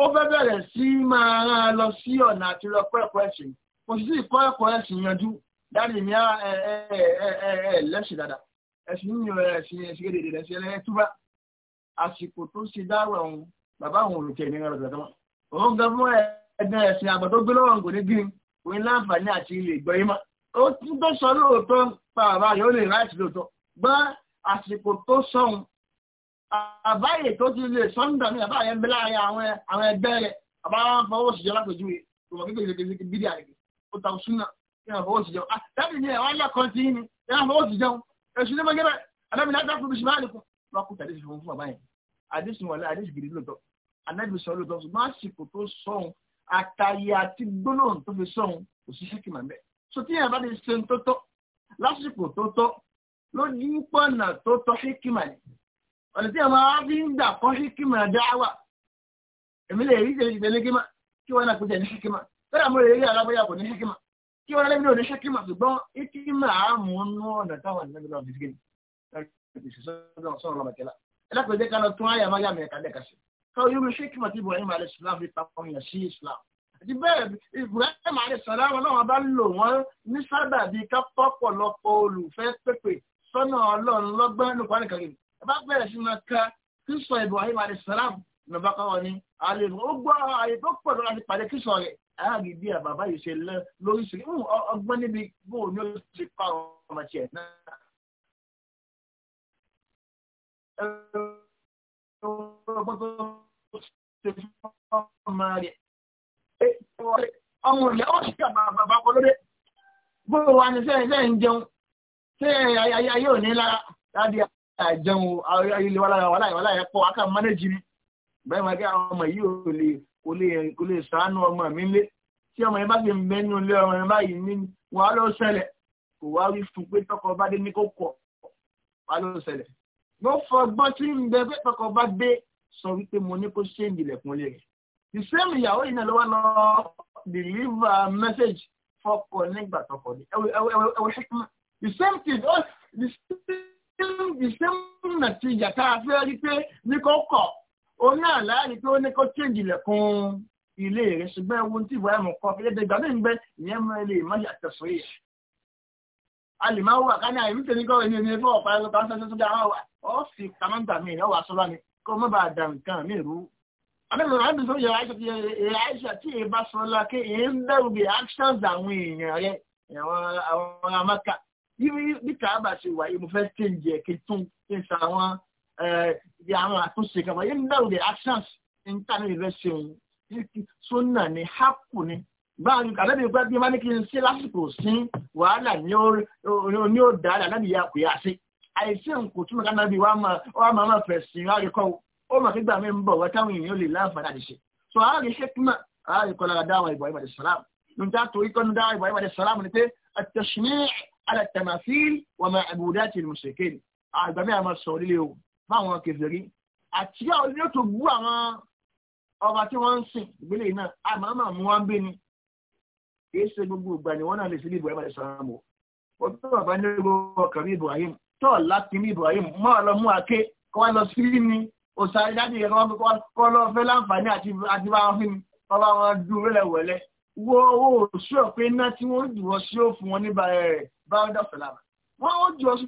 ó fẹ́ bẹ̀rẹ̀ sí máa rán lọ sí ọ̀nà àti lọ kọ́ ẹ̀kọ́ ẹ̀sìn kò sì sí ìkọ́ ẹ̀kọ́ ẹ̀sìn yanjú dáàdì ní ẹ̀ ẹ̀ ẹ̀ ẹ̀ lẹ́sìn dáadáa ẹ̀sìn yíyan ẹ̀sìn ẹ̀sìn èdè ẹ̀sìn ẹlẹ́yẹ túbá àsìkò tó ṣe dáwọ̀ ọ̀hún bàbá àwọn olùkẹ́ ìnira rẹ̀ tọ́mọ́ òun gan fún ẹ̀dùn ẹ̀sìn àgbà tó gbé lọ́wọ́ kò ní gbìn ní láǹfààní àti ilé ìgbọ́ yìí mọ́ ó tún tó sọ lóòótọ́ pa bàbá yóò lè ráìtì lóòótọ́ gbọ́ àsìkò tó sọ̀hún àbáyé tó ti lè sọ́ńdà ní àbáyé ń bẹ láàrin àwọn ẹgbẹ́ rẹ̀ àbáwọn fọwọ́ síjọ lápèjúwe tòmọ̀ kékeré bídíà rẹ̀ ó ta sún náà kí wọ́n fọwọ́ síjọ ah, èṣù ní mọ́gẹ́rẹ́ anábì náà dákùn bíṣì máa nìkan wọn kú tàdé ìṣòro fún bàbá yẹn àdéṣù wọn àdéṣù gidi lóòótọ́ anábì sọ lóòótọ́ ṣùgbọ́n àsìkò tó sọ̀hún àtàyè àti gbólóhùn tó fi sọ̀hún kò sí ṣẹ́kì màmẹ́ so tíyẹn bá ti ṣe tó tọ́ lásìkò tó tọ́ lójú pọ̀nà tó tọ́ ṣíkìmà ni ọ̀nà tí àwọn arábí ń gbà kọ́ ṣíkìmà dáwà èmi lè rí ìṣẹ̀lẹ̀ kí wọ́n náà kó jẹ́ ní ṣíkìmà bẹ́ẹ̀ àmúrẹ̀ eré kí wọ́n lẹ́gbẹ̀ẹ́ oníṣẹ́ kí màá ṣùgbọ́n ikí máa mú nú ọ̀nà táwọn ìlú náà fi gẹ́gẹ́ sọ́rọ̀ lọ́mọ̀kẹ́lá ẹlẹ́kọ̀ọ́jẹ́ ká lọ tún àyà máa yà mí ẹ̀ka lẹ́ka sí káwọ́ yóò ṣe kí màá ti bọ̀ ẹ̀yìn àlẹ́ sùlám papọ̀ yàn sí Islam àti bẹ́ẹ̀ Ibrahim àlẹ́ sàlámù náà bá lò wọ́n ní sábà bíi ká pọ̀pọ̀lọpọ̀ olùfẹ́ pépè sọ́nà Ọlọ́run lọ́gbọ́n nípa nìkan kiri ẹ bá bẹ̀rẹ̀ sí máa ka kíso Ibrahim àlẹ́ sàlámù nàbàkọ́ wọn àárí bí àbàbá yìí ṣe lẹ lóríṣiríṣi ọgbọ́n níbi bó o ní o ti pa ọmọ tiẹ̀ náà. ọgbọ́n tó ṣe fún ọmọ rẹ̀ ọmọ rẹ̀ ó ṣe àbàbà kọ lóde bó o wà ní sẹ́yìn sẹ́yìn jẹun sẹ́yìn ayé òní lára láti àjẹun ayélujára wàláyé wàláyé pọ̀ aká mánéjì ni bẹ́ẹ̀ máa gé àwọn ọmọ yìí ò lè kò lè kò ọmọ mi lé tí ọmọ yẹn bá ti ń bẹ ọmọ yẹn báyìí ní wàá lọ ṣẹlẹ̀ kò wá wí fún pé tọkọ bá dé ní kò kọ wàá lọ ṣẹlẹ̀ mo fọgbọ́n tí ń bẹ pé tọkọ bá dé sọ wípé mo ní kó ṣe ìdìlẹ̀kùn lé rẹ̀ the same ìyàwó yìí náà ló wá lọ deliver message fọkọ nígbà tọkọ dé ẹwẹ ṣẹkùnmá the same thing oh, the same the same nàtìjà tá a fẹ́ rí pé ní kò kọ̀ oní àlàyé tó ní kó change ilẹ̀kùn ilé rẹ̀ ṣùgbọ́n ewu tí ìwà ẹ̀mọ̀ kọ́ fi lédè ìgbà míì ń bẹ ìyẹn mọ ilé ìmọ̀ yàtọ̀ sórí ẹ̀. a lè máa wà káná àìrí tèmi kọ́ ẹni ẹni fún ọ̀pá ẹ̀rọ kan ṣẹṣẹ sódà àwọn ọ̀ọ́sì kàmáńtà mi ìnáwó aṣọ́lá ni kó má bàa dà nǹkan mi rú. àbẹ̀rẹ̀ rẹ̀ bí sọ́yà àìṣà tí èèbá sọ́lá kí èè ń bẹ̀rù bí actions àwọn èèyàn rẹ̀ àwọn amáka bí kàábà ṣe wà yìí mo fẹ́ change ẹ̀ kí tún kí n sa àwọn ibi àwọn àtúnṣe kan wọ́n yẹn náà the actions ń tà ní ìrẹ́ ṣe òun sónà ni hápù ni báwọn yóò kàdébí pé bí wọ́n ní kí n ṣe lásìkò sí wàhálà ní ó dá àlà láti yà kò yà sí àìsí nkò túmọ̀ ká nàbí wàá máa máa fẹ̀ sí wàá rí kọ́ ó mà kí gbà mí ń bọ̀ wọ́n táwọn èèyàn lè láǹfààní àti ṣe so àwọn àrí hekima àwọn àrí kọ́lára dáwọn ìbọ̀ ìbàdí sàlámù nígbà tó ikọ́ ní dáwọn ìbọ̀ ìbàdí sàlámù ni pé àtẹ̀sùnmí على التماثيل ومعبودات المشركين أعزمي أمر سوري لي fáwọn kèfèrí àti àwọn ilé tó bú àwọn ọba tí wọ́n ń sìn ìgbélé náà àmàmà mú wọn bẹ́ ni kìí ṣe gbogbo ìgbà ni wọ́n náà lè sí ibrahim alayisalaam o ó tó bàbá ní gbogbo ọkàn ní ibrahim tó ọ̀la ti ní ibrahim mọ́ ọ lọ mú àké kó wá lọ sí ní òsàlẹ̀ jáde yẹn kó lọ fẹ́ láǹfààní àti bá wọn fi ni kó bá wọn dún wẹ́lẹ̀wẹ́lẹ́ wo owó òṣù ọ̀pẹ iná tí wọ́n jù ọ sí òfin wọn níbàárẹ̀ báwọn dàpọ̀ lára wọ́n ó jù ọ sí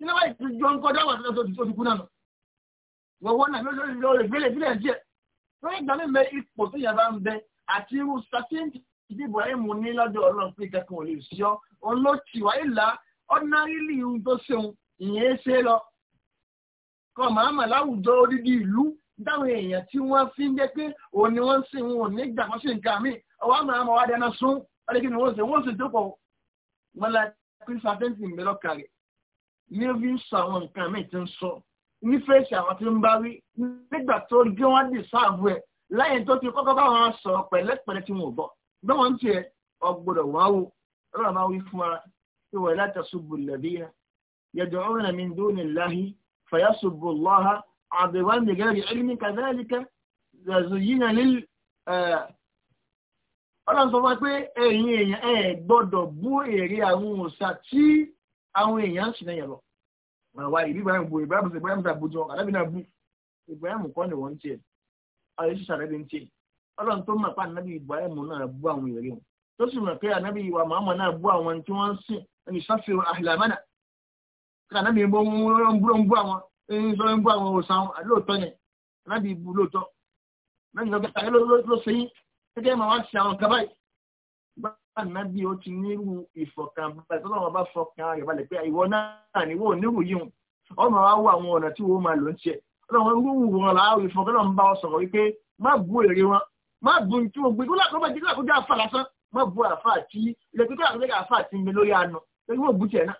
nínú wáyé ti jọ ń kọ́ dáwà tó ti tó ti kú náà wọ̀wọ́ náà ló lórí lórí gbélé ìbílẹ̀ díẹ̀ lórí ìgbà mi mẹ ipò tó yàrá ń bẹ àti irú sàkéǹtì tí Ibrahim ní lọ́dọ̀ Ọlọ́run pé kankan ò lè sí ọ òun ló ti wá ìlà ọ̀nàrílì ohun tó ṣeun ìyẹn ṣe lọ kọ màámà láwùjọ odidi ìlú dáwọn èèyàn tí wọ́n fi ń jẹ́ pé òun ni wọ́n ń sìn wọn ò ní gbà wọ́n sì ń kà mí ọwọ́ àmọ́ àmọ́ wá dáná sún ọdẹ kí ni wọ́n ṣe wọ́n sì dúpọ̀ wọn la pín sàkéǹtì ń bẹ ní fi ń sọ àwọn nǹkan míì ti ń sọ nífẹ̀ẹ́ sí àwọn tí ń bá wí nígbà tó gé wọn dì sáàbù ẹ̀ lẹ́yìn tó ti kọ́kọ́ bá wọn sọ̀rọ̀ pẹ̀lẹ́pẹ̀lẹ́ tí wọn ò bọ̀ bí wọ́n ń tiẹ̀ wá wò lọ́la máa wí fún wa pé wọ́n la tasubbu alladhina yad'una min dunillahi fayasubbu Allaha adwan bighairi ilmin kadhalika zuyyina lil ọlọ́run sọ fún wa pé ẹ̀yin èèyàn ẹ̀ gbọ́dọ̀ bú èrè àwọn òòṣà tí àwọn èèyàn sì náà yẹn lọ àwa ìbí ibrahim bu ibrahim sọ ibrahim sọ àbújọ àdábì náà bu ibrahim kọ́ ni wọ́n ń tiẹ̀ ọ̀rẹ́ sísè àdábì ń tiẹ̀ ọlọ́run tó mọ̀ pé ànábì ibrahim náà bu àwọn èrè wọn tó sì mọ̀ pé ànábì ìwà màmá náà bu àwọn tí wọ́n ń sìn ẹni sáfìrò àhìlámánà ànábì ìbọn ń bú àwọn ń sọ ń bú àwọn òsàn lóòótọ́ yẹn ànábì ìbú lóòótọ́ lẹ́yìn lọ́gbẹ́ta ló ṣe yín gẹ́gẹ́ màá wá ti àwọn kan báyìí bá nàbí ó ti nírú ìfọ̀kànbalẹ̀ tọ́lá wọn bá fọkàn rẹ̀ balẹ̀ pé ìwọ náà ni wọ́n ò nírú yìí wọ́n máa wá wọ àwọn ọ̀nà tí wọ́n máa lò ń tiẹ̀ ọlọ́run rúwù wọn láàrú ìfọ̀kànlọ́ ń bá ọ sọ̀rọ̀ wípé má bu èrè wọn má bu tí wọ́n gbé kó bá jẹ́ kó jẹ́ àfa lásán má bu àfa àti ilẹ̀ pé kó jẹ́ àfa àti mi lórí àná lórí wọ́n bu tiẹ̀ náà.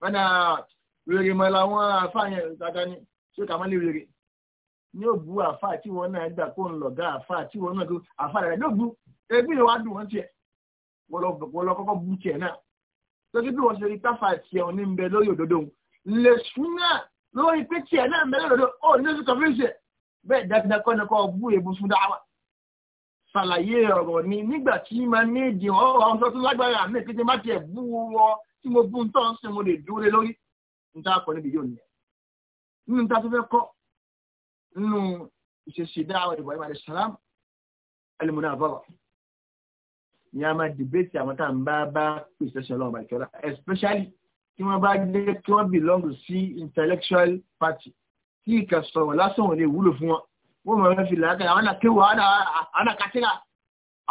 wọn náà rèrè mọ làwọn àfa yẹn dáadáa ni ṣé kàmá lè rèrè ní òbu àfa àti wọn náà gbà kó ń lọ̀gá àfa àti wọn náà àfa rẹ̀ ní òbu ẹbí yẹn wá dùn wọ́n tiẹ̀ wọ́n lọ kọ́kọ́ bú tiẹ̀ náà lọ́sí bí wọ́n ṣe rí táfà tiẹ̀ ò ní bẹ lórí òdodo lè sún náà lórí pé tiẹ̀ náà bẹ lórí òdodo ó ní oṣù kọfíìsì bẹ́ẹ̀ dáadáa kọ́ ni kọ́ bú èbú fún dáwà ṣàlàyé ọ̀rọ̀ ni nígbà tí ma ní ìdí ọ̀rọ̀ ọ̀sán tó lágbára àmì ìpínlẹ̀ má tiẹ̀ bú wọ tí mo bú ntọ́ sí mo lè dúró lórí níta kọ́ níbi yóò nìyẹn nínú níta tó fẹ́ kọ́ nínú ìṣesí dáwà ìbọ̀ ìbàdàn sàlám ẹlẹ́múnà àbọ̀rọ̀ ni a máa debate àwọn tá à ń bá bá pèsè ṣe ọlọ́run àìkọ́lá especially tí wọ́n bá dé kí wọ́n belong sí intellectual party tí ìkà sọ̀rọ̀ lásán ò lè wúlò fún wọn wọ́n mọ̀ fi làákàyè àwọn àkéwò àwọn àkàtìrà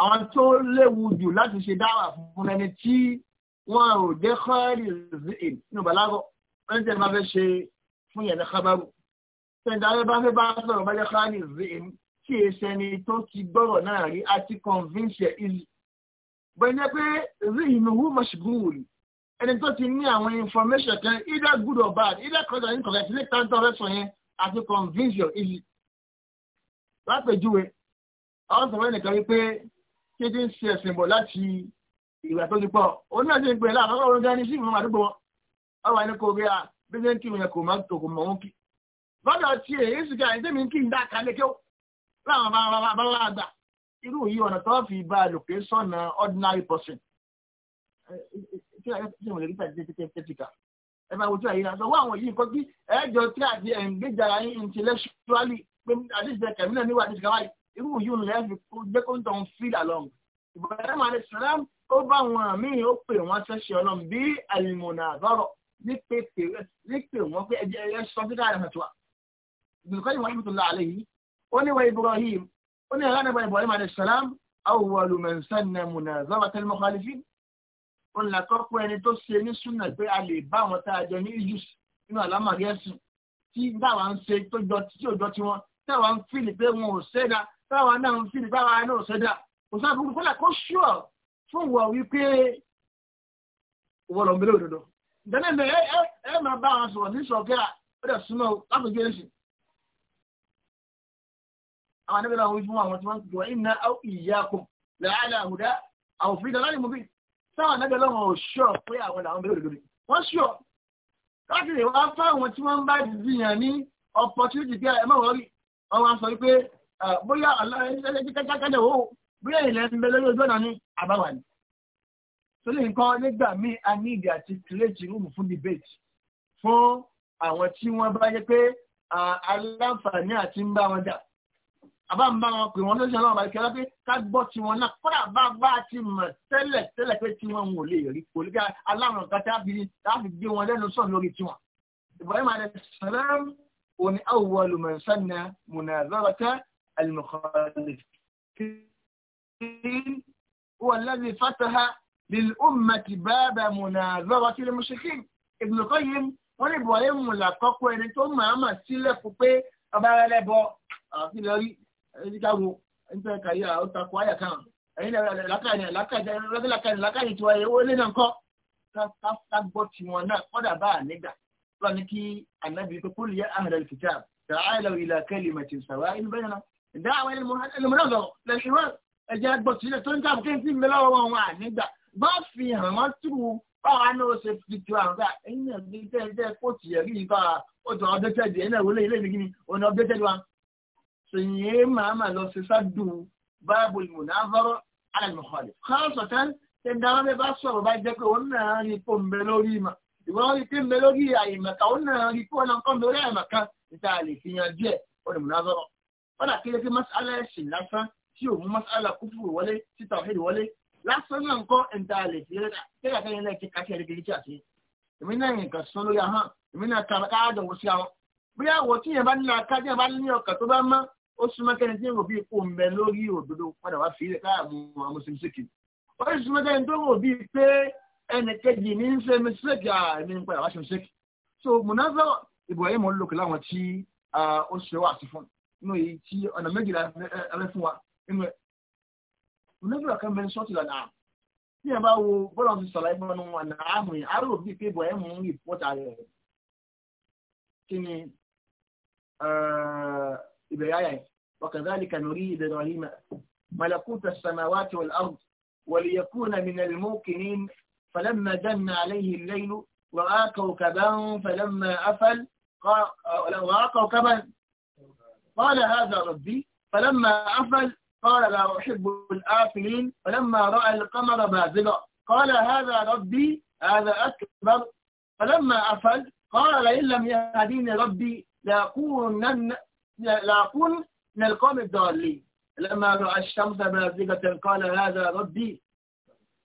àwọn tó léwu jù láti ṣe dáwà fún ẹni tí wọn ò dé kọ́ọ̀rì zin nínú balago wọ́n tẹ̀ máa fẹ́ ṣe fún yẹn ní kábàrù tẹ̀dá bá fẹ́ bá sọ̀rọ̀ bá jẹ́ kọ́ọ̀rì zin kí èsẹ̀ tó ti gbọ́rọ̀ náà rí àti convince easy bẹ̀rẹ̀ pé zihinuhu mashgul ẹni tó ti ní àwọn information kan either good or bad either correct or incorrect ní tàǹtọ̀ rẹ̀ sọ yẹn àti convince your easy. lápèjúwe àwọn sọ̀rọ̀ ẹnìkan wípé kí ti ń ṣe ẹ̀sìn bọ̀ láti ìgbà tó ti pọ̀ òun náà ti ń pè láàbọ̀ ọ̀rọ̀ ọ̀rọ̀ ní sí ìfúnmọ́ àdúgbò wọn ọ̀rọ̀ ẹni kò rí a bí ṣe ń kírun yẹn kò máa ń tò kò mọ̀ wọn kí. lọ́dọ̀ tí èyí sì ká ẹ̀dẹ́mi kí n dá kalẹ̀ kí ó irú yìí ọ̀nà tó fi bá a lò pé sọ̀nà ordinary person tí a ti wọlé nípa ìdíje tẹ́tẹ́ tẹ́tìkà ẹ máa wojú àyíká sọ wọ́n àwọn yìí kọ́ bí ẹ̀ẹ́dọ̀ tí a ti ẹ̀ǹgbẹ́jára yín intellectually pé àdéjìdẹ kẹ̀mí náà níwà àdéjìdẹ wáyé irú yìí ni lẹ́yìn fi jẹ́ kó ń tọ̀ ń feel along ìbọ̀dá máa lè sọ̀rọ̀ ó bá wọn míì ó pè wọ́n sẹ́sẹ̀ ọlọ́run bí àlùmọ̀nà àbọ̀rọ̀ ní pé wọ́n pé ẹ̀jẹ̀ ẹ̀ sọ́kítà àyàfẹ́ tó wa Ibrahim ó ní ẹ̀rọ àdàgbà Ibrahim alayhi salam awwalu man sanna munazabata al-mukhalifin ó ní àkọ́kọ́ ẹni tó ṣe ní súnà pé a lè bá àwọn tá a jọ ní ijus nínú àlámàrí ẹ̀sìn tí dáwà ń ṣe tó jọ tí òjọ tí wọn táwa ń fìlì pé wọn ò ṣẹ́dá táwa náà ń fìlì báwa náà ò ṣẹ́dá kò sábà fún kọ́lá kó ṣúọ̀ fún wọ̀ wípé wọ́n ń bẹ̀rẹ̀ òdodo. ìdáná àwọn anábẹ́ náà ojú àwọn tí wọ́n ti wọ́n iná áwọ̀ ìyákùn làálà àmúdá àwọn òfin ìdánilẹ́ mú bí sáwọn anábẹ́ lọ́wọ́ ṣọ́ pé àwọn làwọn bẹ̀rẹ̀ lórí wọ́n ṣọ́ láti lè wá fáwọn tí wọ́n bá dìyàn ní opportunity bí ẹ mọ̀wọ́ rí ọwọ́ sọ wípé bóyá aláìsẹ́lẹ́kẹ́kẹ́kẹ́ bóyá ilẹ̀ ń bẹ lórí ojú ọ̀nà ní àbáwá ni tó lè nǹkan nígbà míì a ní ìdí àti kìrèjì rúùmù fún debate fún àwọn tí wọ́n bá yẹ pé aláǹfààní àti ń bá wọn jà àbá ń bá wọn pè wọn lóṣù ọlọ́run àbáyé kẹlẹ́ pé ká gbọ́ tiwọn náà kódà bá bá ti mọ̀ tẹ́lẹ̀ tẹ́lẹ̀ pé tiwọn ò lè rí kò lè ká aláwọn kan tábí láti gbé wọn lẹ́nu sọ̀rọ̀ lórí tiwọn. Ibrahim alayhi salam òní awwalu man sanna munazarata al-mukhalifin huwa alladhi fataha lil-ummati wọ́n ní Ibrahim làkọ́kọ́ ẹni tó máa ẹni káwọn ẹni tẹ́ ka yíra ó takò àyà kan ẹ̀yin náà làákàyè náà làákàyè náà làákàyè náà làákàyè tiwa owó ilé náà kọ́ ká gbọ́ tiwọn náà kọ́dà bá a nígbà tó ní kí ànábì pé kúlù yẹ ahla al-kitab ta'alaw ila kalimatin sawa'in baynana da'wa al-munazara lil-hiwar ẹ̀jẹ̀ gbọ́ sílẹ̀ tó ń tà kí n sì mẹ́lẹ́ ọwọ́ wọn ànígbà bá fi hàn wọ́n túwú báwa náà ṣe fi ju àwọn gbà ẹ̀yin náà ní tẹ́ ẹ kó sèyí màmá lọ sí sádùn báàbò ìmùnáfọ́rọ́ alàlùmọ̀kọ́lẹ̀. káàsọ̀tán ṣe dára bẹ́ẹ̀ bá sọ̀rọ̀ bá jẹ́ pé òun náà rí pò ń bẹ lórí ìmọ̀ ìwọ́n rí pé ń bẹ lórí àyèmọ̀ká òun náà rí pò náà kàn lórí àyèmọ̀ká níta lè fi yan díẹ̀ òun ìmùnáfọ́rọ́. fọ́nà kí ló fi mas'ala ẹ̀sìn lásán tí òun mas'ala kúfùrù wọlé tí tawhid wọlé lásán náà kọ́ níta lè fi rẹ̀ tí yẹn bá ní akájẹ́ bá ní ọkàn tó bá mọ́ ó súnmọ́ kẹ́ni tí ń rò bí ipò ń bẹ lórí òdodo padà wá fi ilẹ̀ káàmù àwọn mùsùlùmí sèkì ó sì súnmọ́ kẹ́ni tó rò pé ẹnì ní ń ṣe mistake àmì padà wá ṣe mistake so munazọ Ibrahim mọ̀ ń lòkè láwọn tí ó ṣe wá sí fún inú èyí tí ọ̀nà méjìlá ẹrẹ́ fún wa inú ẹ̀ munazọ kan bẹ́ẹ̀ sọ́ọ̀tì lọ́nà tí ẹ bá wo bọ́lá ti sọ̀rọ̀ ẹ̀ bọ́nu ọ̀nà àmì àrò bí pé Ibrahim ń rìpọ́tà rẹ̀ البداية وكذلك نري إبراهيم ملكوت السماوات والأرض وليكون من الموقنين فلما جن عليه الليل ورأى كوكبا فلما أفل قال رأى كوكبا قال هذا ربي فلما أفل قال لا أحب الآفلين فلما رأى القمر بازغا قال هذا ربي هذا أكبر فلما أفل قال لئن لم يهديني ربي لأكونن لا من القوم الضالين لما رأى الشمس بازغة قال هذا ربي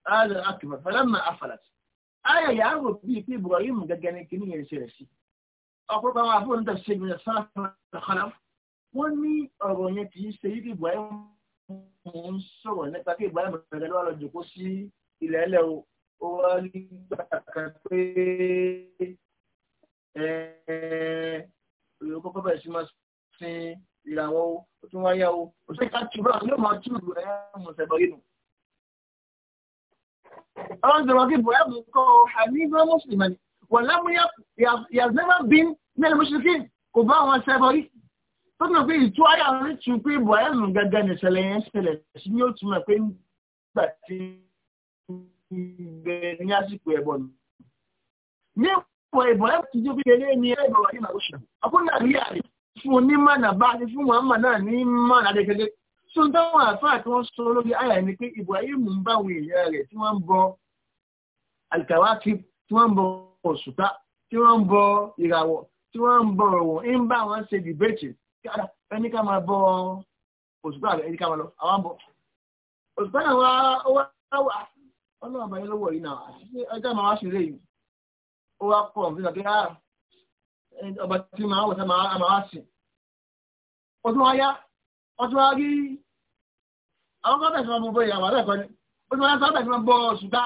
هذا أكبر فلما أفلت آية يعرف في في إبراهيم أن يصير الشيء أقول طبعا أقول أنت الشيء من السلف الخلف ومي أبوني كي سيد إبراهيم ń sọ̀rọ̀ nípa kí ìgbà ìmọ̀ ìrẹ̀lẹ́ wà lọ́jọ́ kó sí ilẹ̀ ẹlẹ́ o ó sin ìràwọ̀ o ó tún wáyà o ó sì ká tùbọ̀ yóò máa túbù ẹ̀ mọ̀sẹ̀bọ̀ yìí nù. àwọn ìjọba kí bọ̀yá bù kọ́ ọ hanibu mùsùlùmí ni wọ́n lámúyà yàzẹ́bà bín mẹ́rin mùsùlùmí kò bá àwọn ṣẹbọ̀ yìí tó tún pé ìtú ayé àwọn ìtú pé bọ̀yá nù gàgà ní ìṣẹ̀lẹ̀ yẹn ṣẹlẹ̀ sí ni ó túmọ̀ pé nígbà tí ìgbẹ́ ní àsìkò ẹ̀bọ̀ nù ní ìpò ìbọ̀yá ti jó kékeré ní ẹ̀bọ̀ wà ní màlúṣà ọkùnrin àríyá rẹ̀ fún onímọ̀nà bá ti fún wọn mọ̀nà ní mọ̀nà gẹ́gẹ́gẹ́ tó ń dáwọn àfáà tí wọ́n sọ lórí àyà ni pé Ibrahim ń bá àwọn èèyàn rẹ̀ tí wọ́n ń bọ alkawaki tí wọ́n ń bọ òṣùpá tí wọ́n ń bọ ìràwọ̀ tí wọ́n ń bọ ọ̀wọ̀ ń bá wọn ṣe dìbẹ́tì ẹni ká máa bọ òṣùpá rẹ̀ ẹni ká máa lọ àwọn bọ òṣùpá náà wá wá ọlọ́run àbáyé lọ́wọ́ yìí náà àti ọjọ́ máa wá ṣeré ọba tí máa wọ̀ sáà máa sìn ọdún wáyá ọdún wá rí àwọn kọ́tà ìṣòro ọmọ ìyàwó àrẹ ẹ̀kọ́ ni ọdún wáyá sábà ìṣòro bọ́ ṣùgbá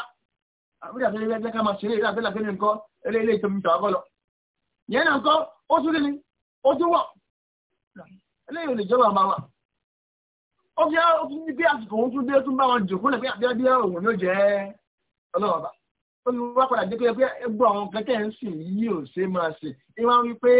àbúrò àti ilé ẹgbẹ́ ká máa ṣeré ìlàfẹ́ làfẹ́ ní nǹkan eré ilé ìtòmí ìtò àgọ́lọ yẹn náà nǹkan ó tún ní ó tún wọ̀ eléyìí ò lè jọba àmà wa ó fi bí àsìkò òun tún dé tún bá wọn jòkó lẹ́gbẹ́ àbí olùwà padà dé pé gbọ́ àwọn kẹ́kẹ́ ń sìn yí ò ṣe máa ṣe é wá wí pé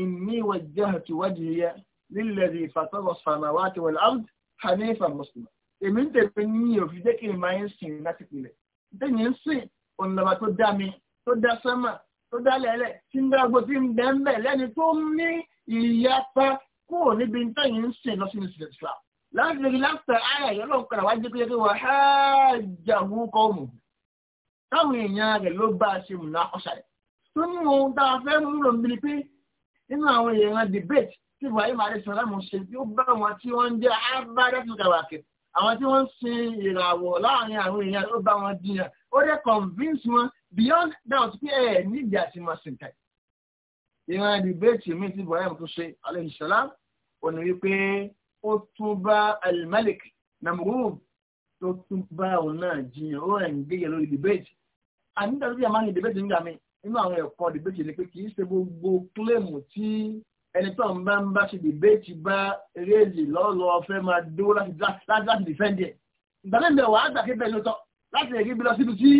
ìní ìwàjẹ́ àti ìwádìí yẹ nílẹ̀ rí ìfàtọ́rọ̀ sàmàwá àti wọ̀lá abd hanifa mùsùlùmí èmi ń tẹ̀pé ní òfin jẹ́ kí n máa ń sìn láti pilẹ̀ ìtẹ̀yìn ń sìn ọ̀nàmà tó dá mi tó dá sẹ́mà tó dá lẹ́lẹ̀ tí ń dágbó tí ń bẹ́ ń lẹ́ni tó ní ìyapa kúrò níbi ìtẹ̀yìn ń sìn lọ́sìn ìsìn táwọn èèyàn rẹ̀ ló bá a ṣe mùnà ọ̀ṣàlẹ̀ tó ní ohun tá a fẹ́ múlò ń bili pé nínú àwọn èèyàn debate tí Ibrahim alayisalaam ṣe tí ó bá wọn tí wọ́n ń jẹ́ abájáfíkàwàkẹ́ àwọn tí wọ́n ń sin ìràwọ̀ láàrin àwọn èèyàn ó bá wọn dìyàn ó dẹ̀ convince wọn beyond doubt pé ẹ̀ nídìí àti máa ìran debate mi tí Ibrahim tó ṣe alayisalaam ò ní wípé ó tún bá al-Malik tó tún bá òun náà jiyàn ó ẹ̀ ń gbéyẹ̀ lórí debate àní nígbà tó bí àmà ń debate nígbà mi nínú àwọn ẹ̀kọ́ debate ni pé kì í ṣe gbogbo kílèmù tí ẹni tó ń bá ń bá ṣe debate bá réèlì lọ́ọ̀lọ́ fẹ́ máa dúró láti láti defend ẹ̀ ìgbà mi bẹ̀ wàá dàkẹ́ bẹ́ẹ̀ lóòótọ́ láti ẹ̀rí bí lọ síbi tí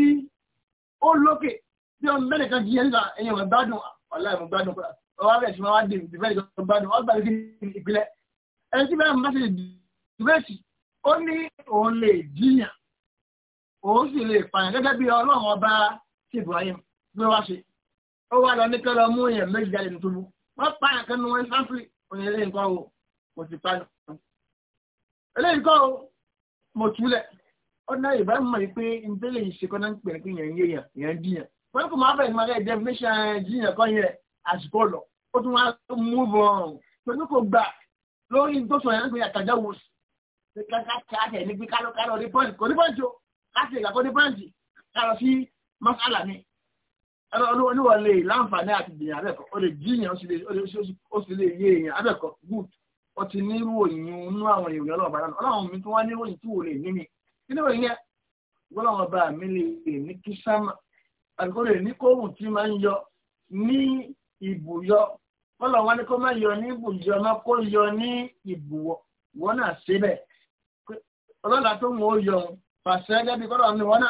ó lókè tí ọmọ mẹ́rin kan jí ẹ̀ríkà ẹ̀yìn ọ̀rẹ́ gbádùn ọ̀la ẹ̀mú gbádùn ọwọ́ rẹ̀ ṣùgbọ́n wàá defend gbádùn ọgbà ìpìlẹ̀ ẹni tí bẹ́ẹ̀ máa ṣe debate ó ní òun lè jiyàn òun sì lè pààyàn gẹ́gẹ́ bí ọlọ́run ọba tí Ibrahim gbé wá ṣe ó wá lọ níkẹ́ lọ mú èèyàn méjì jáde ní túbú wọ́n pààyàn kan ní wọn sáfì òyìn eléyìí nǹkan o kò sì pààyàn eléyìí nǹkan o mo túlẹ̀ ó ná Ibrahim mọ̀ pé ìdílé yìí ṣe kọ́ná ń pè é pé yẹn ń yéèyàn yẹn ń díyàn wọ́n kò máa bẹ̀rẹ̀ mọ́ra ẹ̀jẹ̀ méṣà jíyàn kan yẹn àsìkò lọ ó tún wá mú bọ̀ọ̀n pẹ̀lú kò gbà lórí tó sọ yẹn ń pè àtàjà wò sí kí kákà kí á tẹ̀ ní pé kálọ́kálọ́ ní pọ́ǹtì kò ní pọ́ǹtì o láti ìgbàgbọ́ ní bẹ́ǹtì kára sí masala ni ẹ̀rọ olúwa lè láǹfààní àti gbìyàn abẹ́kọ̀ ó lè jíyàn ó sì lè yé èèyàn abẹ́kọ̀ good ó ti ní ròyìn inú àwọn èèyàn ọlọ́ọ̀bá náà ọlọ́run mi tó wá ní ròyìn tí wò lè níní kí ni ròyìn yẹn gbọ́dọ̀ bá mi lè ní kí sámà àbíkó lè ní kóòrùn tí máa ń yọ ní ibùyọ kọ́lọ̀ wọn ni kó má yọ ní ibùyọ má kó yọ ní ibùwọ̀ wọn náà ṣe bẹ́ẹ̀ ọlọ́dà tó mú ó yọ pàṣẹ gẹ́gẹ́ bí kọ́dọ̀ àmì wọ́nà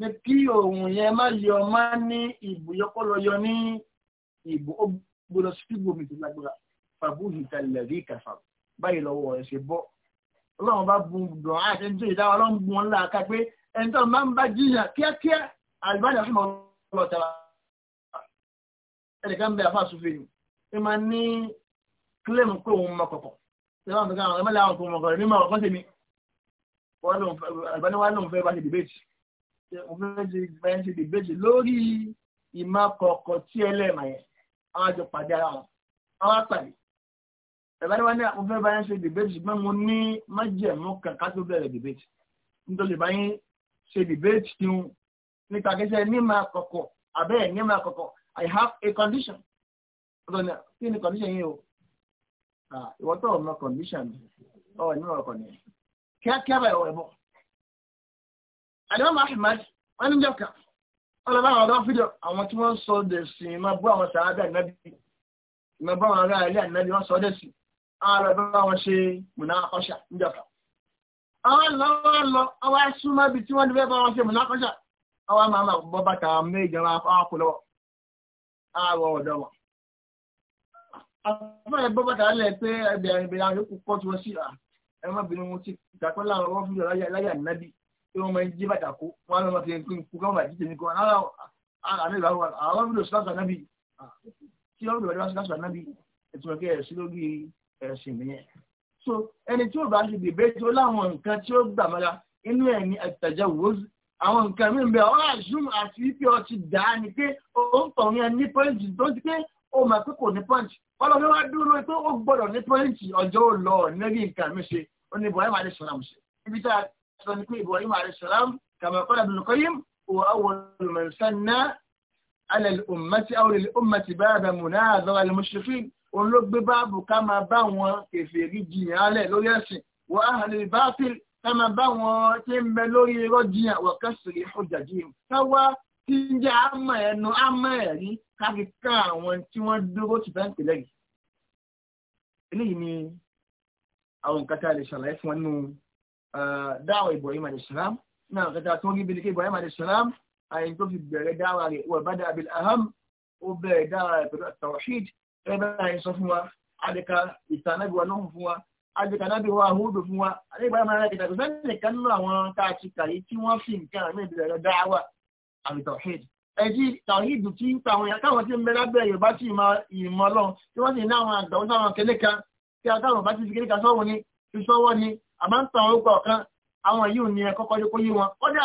ní kí òun yẹn má yọ má ní ìbò yọkọ́lọ yọ ní ìbò ó gbọdọ̀ sí gbòmì tó lágbára fàbú ìtàlẹ̀ rí kàfà báyìí lọ́wọ́ ẹ̀ ṣe bọ́ ọlọ́run bá bu dùn á ṣe ń tó ìdáwọ́ ọlọ́run bu wọn láàká pé ẹni tó máa ń bá jiyàn kíákíá àlùbáyà fún ọlọ́ tara ẹnìkan bẹ àfa àsùnfẹ́ ẹ máa ní kílẹ̀mù pé òun mọ kọ̀kọ̀ ṣé wọn fi ká àwọn ẹmẹ́lẹ́ àwọn tó mọ̀ kọ̀rọ̀ mọ̀ kọ́ Albani wa lóun fẹ́ bá ṣe debate òun fẹ́ ṣe debate lórí ìmọ̀ kọ̀ọ̀kọ̀ tí ẹlẹ́mà yẹn àwọn àjọ pàdé ara wọn àwọn àpàdé Albani wa ní fẹ́ bá ṣe debate ṣùgbọ́n mo ní májẹ̀mú kàkà tó bẹ̀rẹ̀ debate nítorí bá yẹn ṣe debate tí wọn nípa kẹsẹ̀ ní máa kọ̀kọ̀ abẹ́ ní máa I have a condition ọ̀dọ̀nà kí ni condition yẹn o ìwọ́tọ̀ ọ̀nà condition ọ̀ ní ọ̀rọ̀ kan nìyẹn kíákíá bá ẹ̀wọ̀ ẹ̀bọ̀. Àdìmọ́ Ahmed, wọ́n ní jọ́ka, wọ́n lọ bá àwọn ọ̀dọ́ fídíò àwọn tí wọ́n ń sọ dẹ̀sìn máa bú àwọn sàádà ìnábì, máa bá àwọn ará ilé ìnábì wọ́n sọ dẹ̀sìn, àwọn lọ bá wọn ṣe múná ọṣà ní jọ́ka. Àwọn lọ́wọ́ lọ, àwọn súnmọ́ ibi tí wọ́n ti fẹ́ bá wọn ṣe múná ọṣà, àwọn máa máa bọ́ bàtà méje máa kó lọ́wọ́, àwọn ọ̀dọ́ wọn. Àwọn ẹ̀bọ́ bàtà lẹ̀ pé ẹgbẹ̀rún ìbẹ̀rẹ̀ àwọn yòókù pọ̀ tí wọ́n sí ẹ má bínú wọn ti ìtàkọ́ láwọn ọmọ fúnjọ láyà nábì pé wọ́n máa ń jí bàtà kó wọ́n á lọ́mọ fi kún kú káwọn àjíjẹ mi kọ́ àwọn àwọn fúnjọ síláṣà nábì tí wọ́n fúnjọ wá síláṣà nábì ètò ìrọ̀kẹ́ ẹ̀sìn lórí ẹ̀sìn nìyẹn. so ẹni tí ó bá ṣe bèbè tó láwọn nǹkan tí ó gbà mọ́ra inú ẹ̀ ní àtàjáwòz àwọn nǹkan mi bẹ ọ́ àṣùm àti wípé ọ ti ni pé ó ń tọ̀ yẹn ní pọ́ǹtì ọlọ́run wá dúró pé ó gbọ́dọ̀ ní pọ́ìntì ọjọ́ ò lọ nẹ́gì nǹkan mi ṣe ó ní Ibrahim alayhi salam ṣe níbi tá a sọ ni pé Ibrahim alayhi salam kama qala Ibn Qayyim wa awwal man sanna ala al-ummati aw lil-ummati baba munazara al-mushrikin òun ló gbé báàbù ká máa bá wọn kèfèrí jiyàn alẹ̀ lórí ẹ̀sìn wa ahli al ká máa bá wọn tí ń bẹ lórí irọ́ jiyàn wa kasri hujjatihim ká wá tí ń jẹ́ àmọ́ ẹnu àmọ́ ẹ̀rí káfí kan àwọn tí wọ́n dúró tì fẹ́ẹ́ tẹ̀lé yìí. eléyìí ni àwọn nǹkan tá a lè ṣàlàyé fún wọn nínú dáwọ̀ Ibrahim alayhisalam náà nǹkan tá a tó rí bíi Ibrahim alayhisalam àyè tó fi bẹ̀rẹ̀ dáwà rẹ̀ wọ̀ bá dàbí aham ó bẹ̀rẹ̀ dáwà rẹ̀ pẹ̀lú tawhid ẹ̀ bá àyè sọ fún wa àdìka ìtànàbíwá náà fún wa agbẹ̀kànábì wa àhúdù fún wa nígbà máa rẹ̀ kìtàkùn sẹ́nìkan nínú àwọn tá a ti kà yìí tí wọ́n fi nǹkan àmì ìbẹ̀rẹ̀ dáwà àrùtọ̀hìd ẹjí tàwíd tí táwọn èèyàn káwọn tí ń bẹ lábẹ́ yorùbá sí ìmọ̀ ọlọ́run tí wọ́n sì ní àwọn àgbà wọn sáwọn kéde kan tí àtàwọn bá ti fi kéde kan sọ́wọ́ ni fi sọ́wọ́ ni àbá ń tan orúkọ kan àwọn yìí ò ní ẹ̀kọ́ kọjú kó yí wọn kódà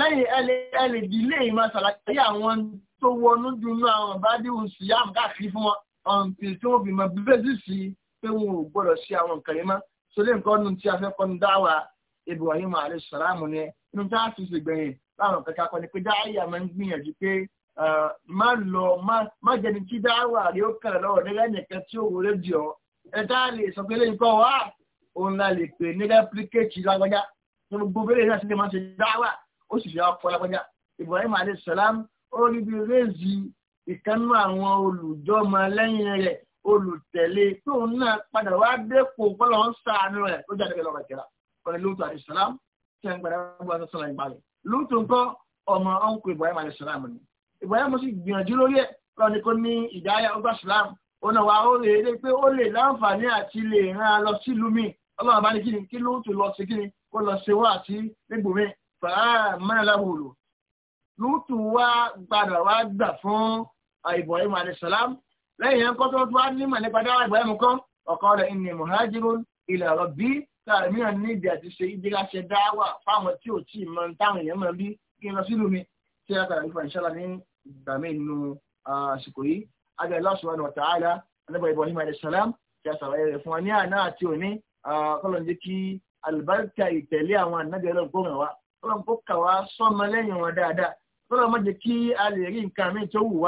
lẹ́yìn ẹlẹ́ ìdílé ìmọ̀ ṣàlàyé àwọn tó wọnú dunu àwọn ìbádìhùn síyàm káàkiri fún wọn ọ̀npìl tí wọ́n fi mọ bíbélì sí pé wọn ò gbọ́dọ̀ ṣe àwọn nǹkan yìí mọ́ sólé nǹkan nù tí a fẹ́ kọ́nu dáwà Ibrahim alayhi salaam ni nínú tá a ti láwọn kankan kan ni pé dáhàyà máa ń gbìyànjú pé má lọ má jẹni tí dáhàwà rí ó kàn lọ́wọ́ nígbà nìkan tí òwò rẹ̀ ẹ tá lè sọ pé lẹ́yìn kan wá òun la lè pè ní rẹ́píríkèétì lágbájá ní gbogbo bẹ́ẹ̀ náà sì lè máa ṣe dáhàwà ó sì fi ọkọ lágbájá Ibrahim alayhi salam ó rí bí rézì ìkànnú àwọn olùjọ́mọ lẹ́yìn rẹ̀ olùtẹ̀lé tóun náà padà wá dẹ́kun kọ́lọ́ ń sàánú rẹ̀ lójú àdébẹ̀lọ́rẹ̀ kẹra kọ́ni lóòótọ́ lóòótọ́ nǹkan ọmọ ọ̀nkù Ibrahim alayhi salam ni Ibrahim sì gbìyànjú lórí ẹ̀ lọ́ni kó ní ìdáyà ọgbà Islam ọ̀nà wa ó lè rí pé ó lè láǹfààní àti lè rán lọ sílùú mi ọlọ́run bá ní kíni kí lóòótọ́ lọ sí kíni kó lọ ṣe wá àti nígbòmí fàá mẹ́rin láwùrò lóòótọ́ wá gbàdà wá gbà fún Ibrahim alayhi salam lẹ́yìn ẹ̀kọ́ tó wá nímọ̀ nípa dáwà Ibrahim kan ọ̀kan rẹ̀ ìní muhajirun ila rabbi táwọn mìíràn ní ìdí àti ṣe ibi láṣẹ dá wà fáwọn tí ò tí ì mọ táwọn èèyàn máa bí kí n lọ sílùú mi tí a kàrà nípa ìṣẹ́lá ní ìgbà míì nínú àsìkò yìí ajá Allah subhanahu wa ta'ala anábọ̀ Ibrahim alayhis salam tí a sàrọ̀ ẹ̀rẹ̀ fún wa ní àná àti òní kọ́lọ̀ ń jẹ́ kí àlùbáríkà ìtẹ̀lé àwọn ànábì ọlọ́run gbọ́n wa ọlọ́run kó kà wá sọ́mọ lẹ́yìn wọn dáadáa ọlọ́run má jẹ́ kí a lè rí nǹkan míì tó wù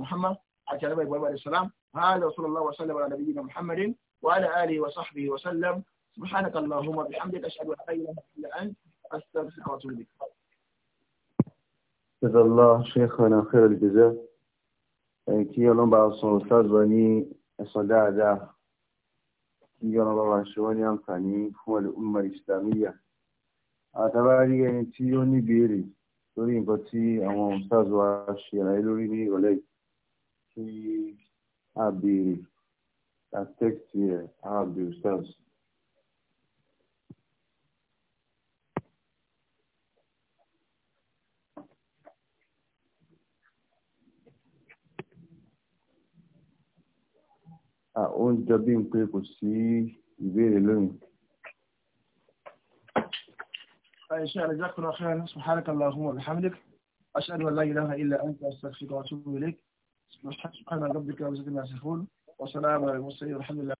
Muhammad اجابه ابو عليه السلام هذا رسول الله صلى الله عليه وسلم محمد وعلى اله وصحبه وسلم سبحانك اللهم وبحمدك اشهد ان لا اله الا انت استغفرك واتوب اليك الله شيخنا خير الجزاء كي يلون بعض الصلاة واني الصلاة ده كي يلون بعض الشواني أمتاني هو الأمة الإسلامية أتباري يعني تيوني بيري تورين بطي أما مستاذ واشي أنا يعني إلوري مي وليك في أبي التكتير أبي أستاذ ó ń jọ bí n pé kò sí ìbéèrè lónìí. Aisha Alhaji Akura Khair, Subhanaka Allahumma wa bihamdik, Ashhadu an la ilaha illa anta astaghfiruka wa atubu ilayk. سبحان ربك رب العزة عما يصفون وسلام على المرسلين والحمد لله